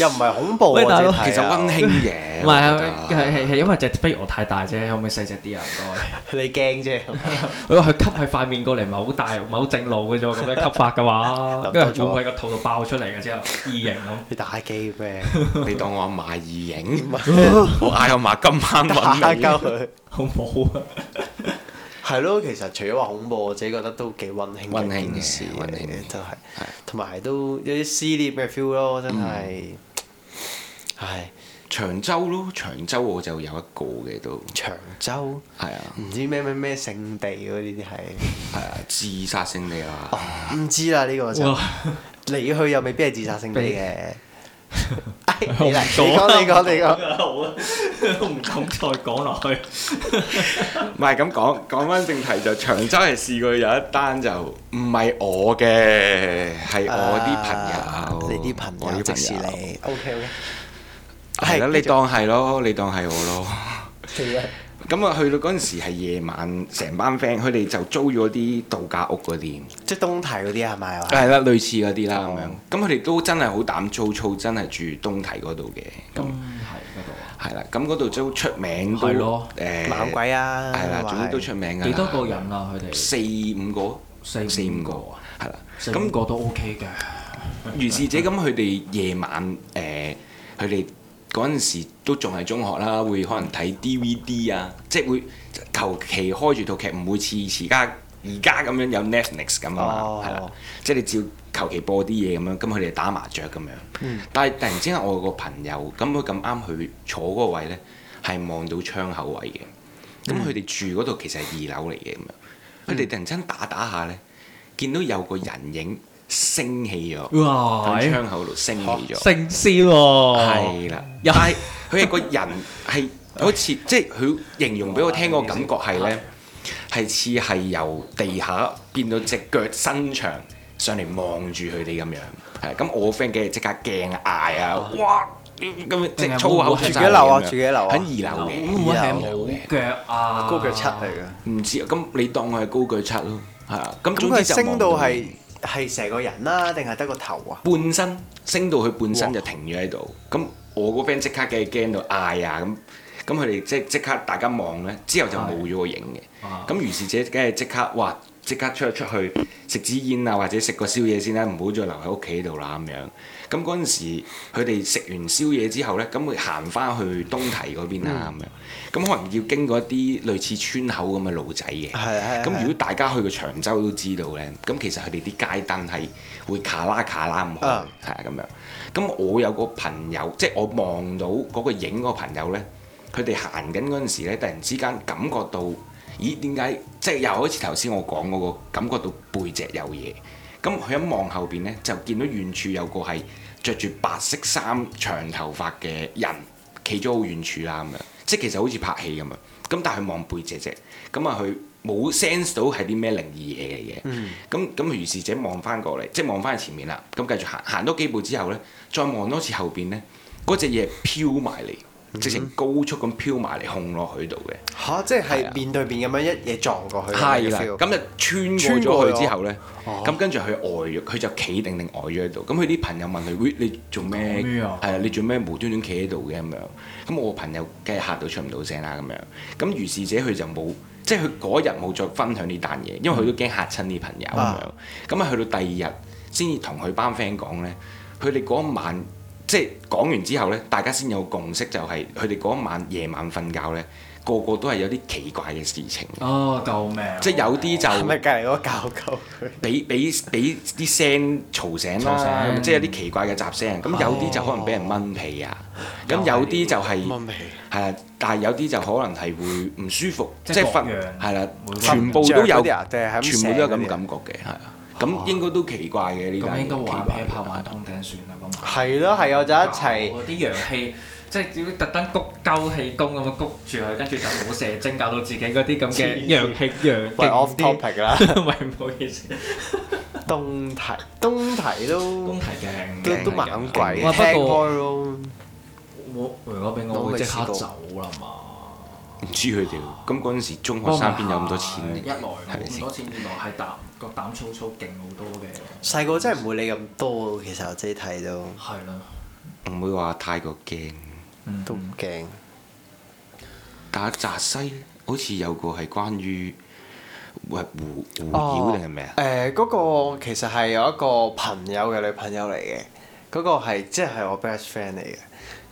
又唔係恐怖啊。其實温馨嘅，唔係啊，係係係因為隻飛蛾太大啫，可唔可以細隻啲啊？唔該，你驚啫。佢吸喺塊面過嚟，唔係好大，唔係好正路嘅啫。咁樣吸法嘅話，跟住佢會喺個肚度爆出嚟嘅之後？異形咁，你打機咩？你當我阿媽異形？我嗌我阿媽今晚打交佢好唔好啊？係咯，其實除咗話恐怖，我自己覺得都幾温馨嘅，温馨嘅都係，同埋都有啲撕裂嘅 feel 咯，真係。唉，長洲咯，長洲我就有一個嘅都。長洲。係啊。唔知咩咩咩聖地嗰啲係。係啊，自殺聖地啊。唔知啦，呢個就你去又未必係自殺聖地嘅。你講，你講，你講。都唔敢再講落去。 [laughs] 唔係咁講，講翻正題就長洲係試過有一單就唔係我嘅，係我啲朋友，uh, 你啲朋友，我啲朋友。O K 嘅，係啦，續你當係咯，你當係我咯。咁啊，去到嗰陣時係夜晚，成班 friend 佢哋就租咗啲度假屋嗰啲，即係東堤嗰啲係咪啊？係啦，類似嗰啲啦咁樣。咁佢哋都真係好膽粗粗，真係住東堤嗰度嘅。嗯，係。係啦，咁嗰度都出名都猛的、欸、鬼啊，係啦的，總之都出名嘅。幾多個人啊？佢哋的四五個，四五個啊，係啦，的四五個都 OK 嘅。 [laughs] 如是者咁，佢哋夜晚誒，佢哋嗰陣時都仲係中學啦，會可能睇 DVD 啊，即係會求其開住套劇，唔會似而家而家咁樣有 Netflix 咁啊、哦，係啦，即係你照。求其播啲嘢咁樣，咁佢哋打麻雀咁樣。嗯、但係突然之間，我有個朋友咁佢咁啱，佢坐嗰個位呢，係望到窗口位嘅。咁佢哋住嗰度其實係二樓嚟嘅咁樣。佢哋突然間打打打下呢，見到有個人影升起咗喺哇窗口度升起咗，升仙喎、哦。係啦，又係佢係個人係好似即係佢形容俾我聽個感覺係呢，係似係由地下變到隻腳伸長。上嚟望住佢哋咁樣，係咁我 friend 嘅即刻驚嗌啊！哇！咁樣即係粗口住幾樓啊？住幾樓啊？喺二樓嘅，二樓嘅腳啊，高腳七嚟嘅。唔知啊，咁你當佢係高腳七咯，係啊。咁總之升到係係成個人啦，定係得個頭啊？半身升到佢半身就停咗喺度。咁我個 friend 即刻嘅驚到嗌啊！咁咁佢哋即即刻大家望咧，之後就冇咗個影嘅。咁於是者梗係即刻哇！即刻出咗出去食支煙啊，或者食個宵夜先啦，唔好再留喺屋企度啦咁樣。咁嗰陣時，佢哋食完宵夜之後呢，咁會行翻去東堤嗰邊啦咁、嗯、樣。咁可能要經過一啲類似村口咁嘅路仔嘅。係咁、嗯、如果大家去過長洲都知道呢，咁、嗯、其實佢哋啲街燈係會卡拉卡拉咁開，係咁、嗯、樣。咁我有個朋友，即、就、係、是、我望到嗰個影嗰個朋友呢，佢哋行緊嗰陣時咧，突然之間感覺到。咦？點解即係又好似頭先我講嗰個感覺到背脊有嘢？咁佢一望後邊咧，就見到遠處有個係着住白色衫、長頭髮嘅人企咗好遠處啦。咁樣即係其實好似拍戲咁樣。咁但係佢望背脊啫。咁啊，佢冇 sense 到係啲咩靈異嘢嘅嘢。咁咁、嗯，於是者望翻過嚟，即係望翻前面啦。咁繼續行，行多幾步之後咧，再望多次後邊咧，嗰隻嘢飄埋嚟。直情高速咁飄埋嚟，控落去度嘅。嚇、啊！即係面對面咁樣一嘢撞過去。係啦了，咁就穿過咗去之後咧，咁、哦、跟住佢呆咗，佢就企定定呆咗喺度。咁佢啲朋友問佢，喂麼，你做咩？係啊，你做咩無端端企喺度嘅咁樣？咁我個朋友梗係嚇到出唔到聲啦咁樣。咁於是者佢就冇，即係佢嗰日冇再分享呢單嘢，因為佢都驚嚇親啲朋友咁、嗯、樣。咁啊，去到第二日先至同佢班 friend 講咧，佢哋嗰晚。即係講完之後咧，大家先有共識，就係佢哋嗰晚夜晚瞓覺咧，個個都係有啲奇怪嘅事情。哦，救命！即係有啲就係咪隔離嗰個教溝佢？俾俾俾啲聲嘈醒囉，即係有啲奇怪嘅雜聲。咁有啲就可能俾人掹皮啊，咁有啲就係掹皮。係啊，但係有啲就可能係會唔舒服，即係瞓係啦，全部都有，全部都有咁感覺嘅，係咁應該都奇怪嘅呢單，企劈炮玩通頂算啦咁。係咯，係啊，就一齊。啲陽氣，即係要特登谷鳩氣功咁樣谷住佢，跟住就冇射精，搞到自己嗰啲咁嘅陽氣陽勁啲。唔好 topic 啦，唔好意思。東提東提都東提勁，都猛鬼。不過我如果俾我，會即刻走啦嘛。唔知佢哋，咁嗰陣時中學生邊有咁多錢啊？一來錢，咁吧多錢原來係膽個膽粗粗勁好多嘅。細個真係唔會理咁多，其實我自己睇到。係咯是的。唔會話太過驚。都唔驚。但係扎西好似有個係關於，胡胡妖定係咩啊？誒，嗰、哦呃那個其實係有一個朋友嘅女朋友嚟嘅。嗰、那個係即係我 best friend 嚟嘅。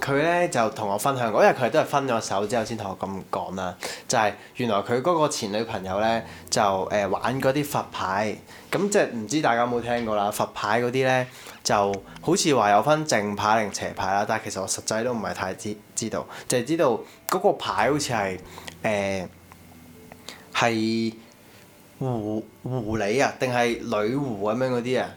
佢咧就同我分享過，因為佢都係分咗手之後先同我咁講啦。就係原來佢嗰個前女朋友咧就，誒，玩嗰啲佛牌，咁即係唔知大家有冇聽過啦。佛牌嗰啲咧就好似話有分正牌定邪牌啦，但係其實我實際都唔係太知知道，就係知道嗰個牌好似係誒、係狐狐狸啊，定係女狐咁樣嗰啲啊？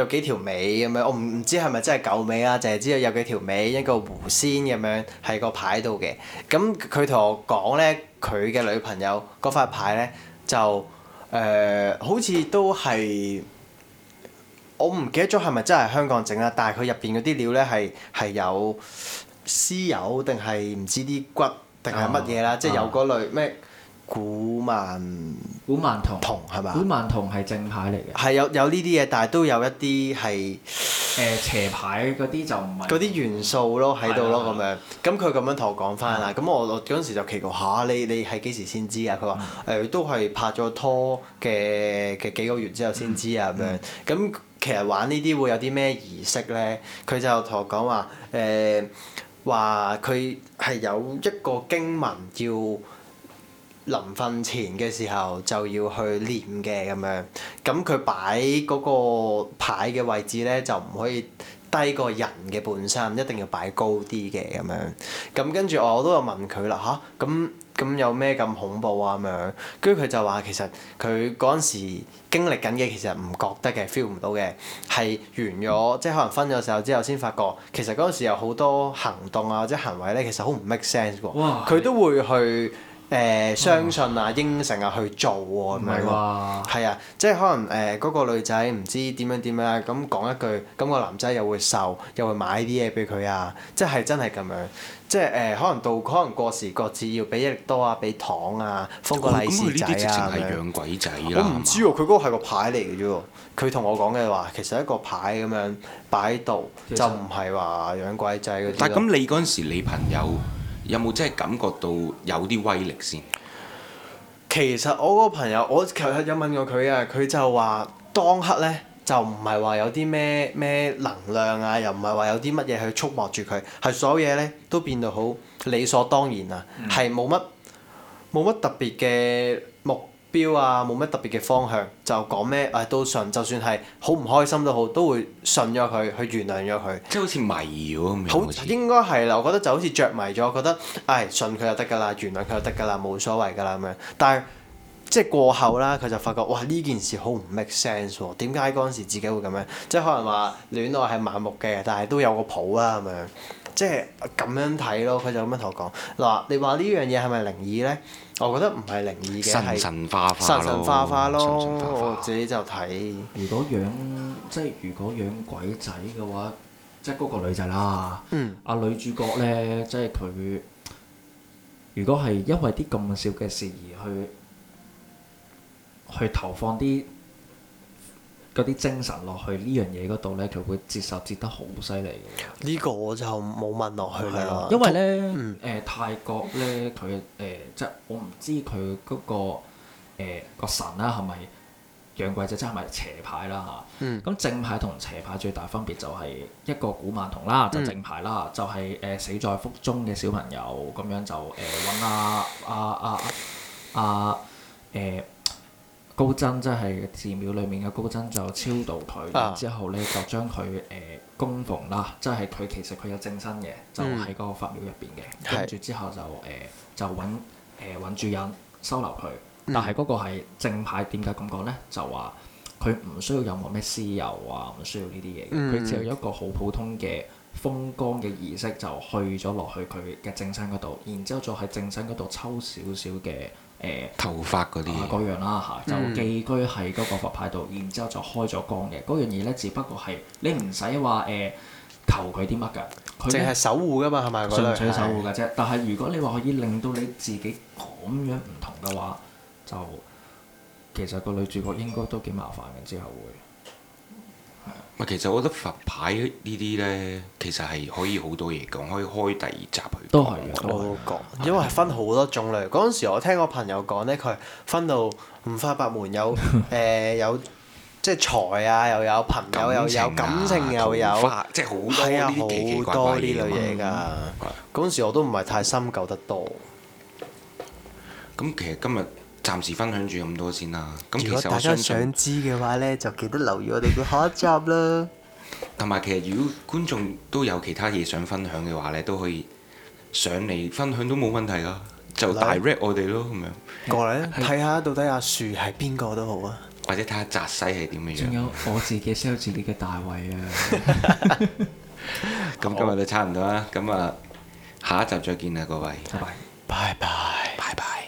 有幾條尾咁樣，我唔唔知係咪真係舊尾啦，淨係知道有幾條尾一個狐仙咁樣，係個牌度嘅。咁佢同我講咧，佢嘅女朋友嗰塊牌咧就誒、呃，好似都係我唔記得咗係咪真係香港整啦，但係佢入邊嗰啲料咧係係有屍油定係唔知啲骨定係乜嘢啦，嗯、即係有嗰類咩？古曼古曼童係嘛？吧古曼童係正牌嚟嘅。係有有呢啲嘢，但係都有一啲係誒邪牌嗰啲就唔係嗰啲元素咯喺度咯咁樣，咁佢咁樣同我講翻啦。咁我我嗰陣時就祈求嚇，你你係幾時先知啊？佢話，誒、呃，都係拍咗拖嘅嘅幾個月之後先知啊咁樣，咁、嗯嗯、其實玩呢啲會有啲咩儀式咧？佢就同我講話，誒、呃，話，佢係有一個經文叫。臨瞓前嘅時候就要去練嘅咁樣，咁佢擺嗰個牌嘅位置咧就唔可以低過人嘅本身，一定要擺高啲嘅咁樣。咁跟住我都有問佢啦嚇，咁、啊、咁有咩咁恐怖啊咁樣？跟住佢就話其實佢嗰陣時經歷緊嘅其實唔覺得嘅，feel 唔到嘅，係完咗、嗯、即係可能分咗手之後先發覺，其實嗰陣時有好多行動啊或者行為咧其實好唔 make sense 喎、啊。佢哇都會去。誒相信啊，應承啊去做喎，咁係喎，係啊，即係可能誒嗰個女仔唔知點樣點樣咁講一句，咁個男仔又會瘦，又會買啲嘢俾佢啊，即係真係咁樣，即係誒可能到可能過時過節要俾一力多啊，俾糖啊，封個利是仔啊，咁佢呢啲直情係養鬼仔啦，我唔知喎，佢嗰個係個牌嚟嘅啫喎，佢同我講嘅話其實一個牌咁樣擺喺度，就唔係話養鬼仔嗰啲。但係咁你嗰陣時你朋友？有冇真係感覺到有啲威力先？其實我個朋友，我尋日有問過佢啊，佢就話當刻咧就唔係話有啲咩咩能量啊，又唔係話有啲乜嘢去觸摸住佢，係所有嘢咧都變到好理所當然啊，係冇乜冇乜特別嘅。標啊，冇乜特別嘅方向，就講咩誒都順，就算係好唔開心都好，都會順咗佢，去原諒咗佢。即係好似迷咗咁樣。好應該係啦，我覺得就好似着迷咗，我覺得唉、哎，順佢就得㗎啦，原諒佢就得㗎啦，冇所謂㗎啦咁樣。但係即係過後啦，佢就發覺哇呢件事好唔 make sense 喎，點解嗰陣時自己會咁樣？即係可能話戀愛係盲目嘅，但係都有個譜啊咁樣。即係咁樣睇咯，佢就咁樣同我講嗱，你話呢樣嘢係咪靈異咧？我覺得唔係靈異嘅，神神化化神神化化咯，化化我自己就睇。如果養即係如果養鬼仔嘅話，即係嗰個女仔啦。嗯。啊女主角咧，即係佢。如果係因為啲咁少嘅事而去，去投放啲。嗰啲精神落去呢樣嘢嗰度咧，佢會接受接得好犀利嘅。呢個我就冇問落去啦、嗯，因為咧，嗯、呃，泰國咧，佢誒、呃、即係我唔知佢嗰、那個誒、呃、神啦，係咪養鬼仔真係咪邪牌啦嚇？咁、嗯、正牌同邪牌最大分別就係一個古曼童啦，嗯、就正牌啦，就係、是、誒、呃、死在腹中嘅小朋友咁樣就誒揾、呃、啊啊啊誒。啊啊啊啊啊呃高僧即係寺廟裡面嘅高僧、啊，就超度佢之後咧，就將佢誒供奉啦。即係佢其實佢有正身嘅，就喺嗰個法廟入邊嘅。跟住、嗯、之後就誒、呃、就揾誒揾主人收留佢，但係嗰個係正派，點解咁講咧？就話佢唔需要任何咩屍油啊，唔需要呢啲嘢嘅。佢、嗯、只有一個好普通嘅風光嘅儀式，就去咗落去佢嘅正身嗰度，然之後再喺正身嗰度抽少少嘅。誒、欸、頭髮嗰啲、啊，嗰樣啦嚇、啊，就寄居喺嗰個佛牌度，然之後就開咗光嘅嗰樣嘢咧，只不過係你唔使話誒求佢啲乜㗎，淨係守護㗎嘛，係咪？純粹守護㗎啫。是的 但係如果你話可以令到你自己咁樣唔同嘅話，就其實個女主角應該都幾麻煩嘅，之後會。唔，其實我覺得佛牌呢啲呢，其實係可以好多嘢講，可以開第二集去講都。都因為分好多種類。嗰陣的時我聽我朋友講呢，佢分到五花八門有，有誒有即係財啊，又有朋友又、啊、有感情分又有，即係好多呢啲奇奇怪怪嘅嘢。嗰陣、啊、的時我都唔係太深究得多。咁、嗯、其實今日。暫時分享住咁多先啦。咁其實大家想，我想知嘅話呢，就記得留意我哋嘅下一集啦。同埋其實，如果觀眾都有其他嘢想分享嘅話呢，都可以上嚟分享都冇問題噶，就大 rap 我哋咯，咁樣過嚟睇下到底阿樹係邊個都好啊，或者睇下澤西係點樣。仲有我自己 sell 自己嘅大位啊！咁今日都差唔多啦，咁啊下一集再見啦，各位，拜拜，拜拜，拜拜。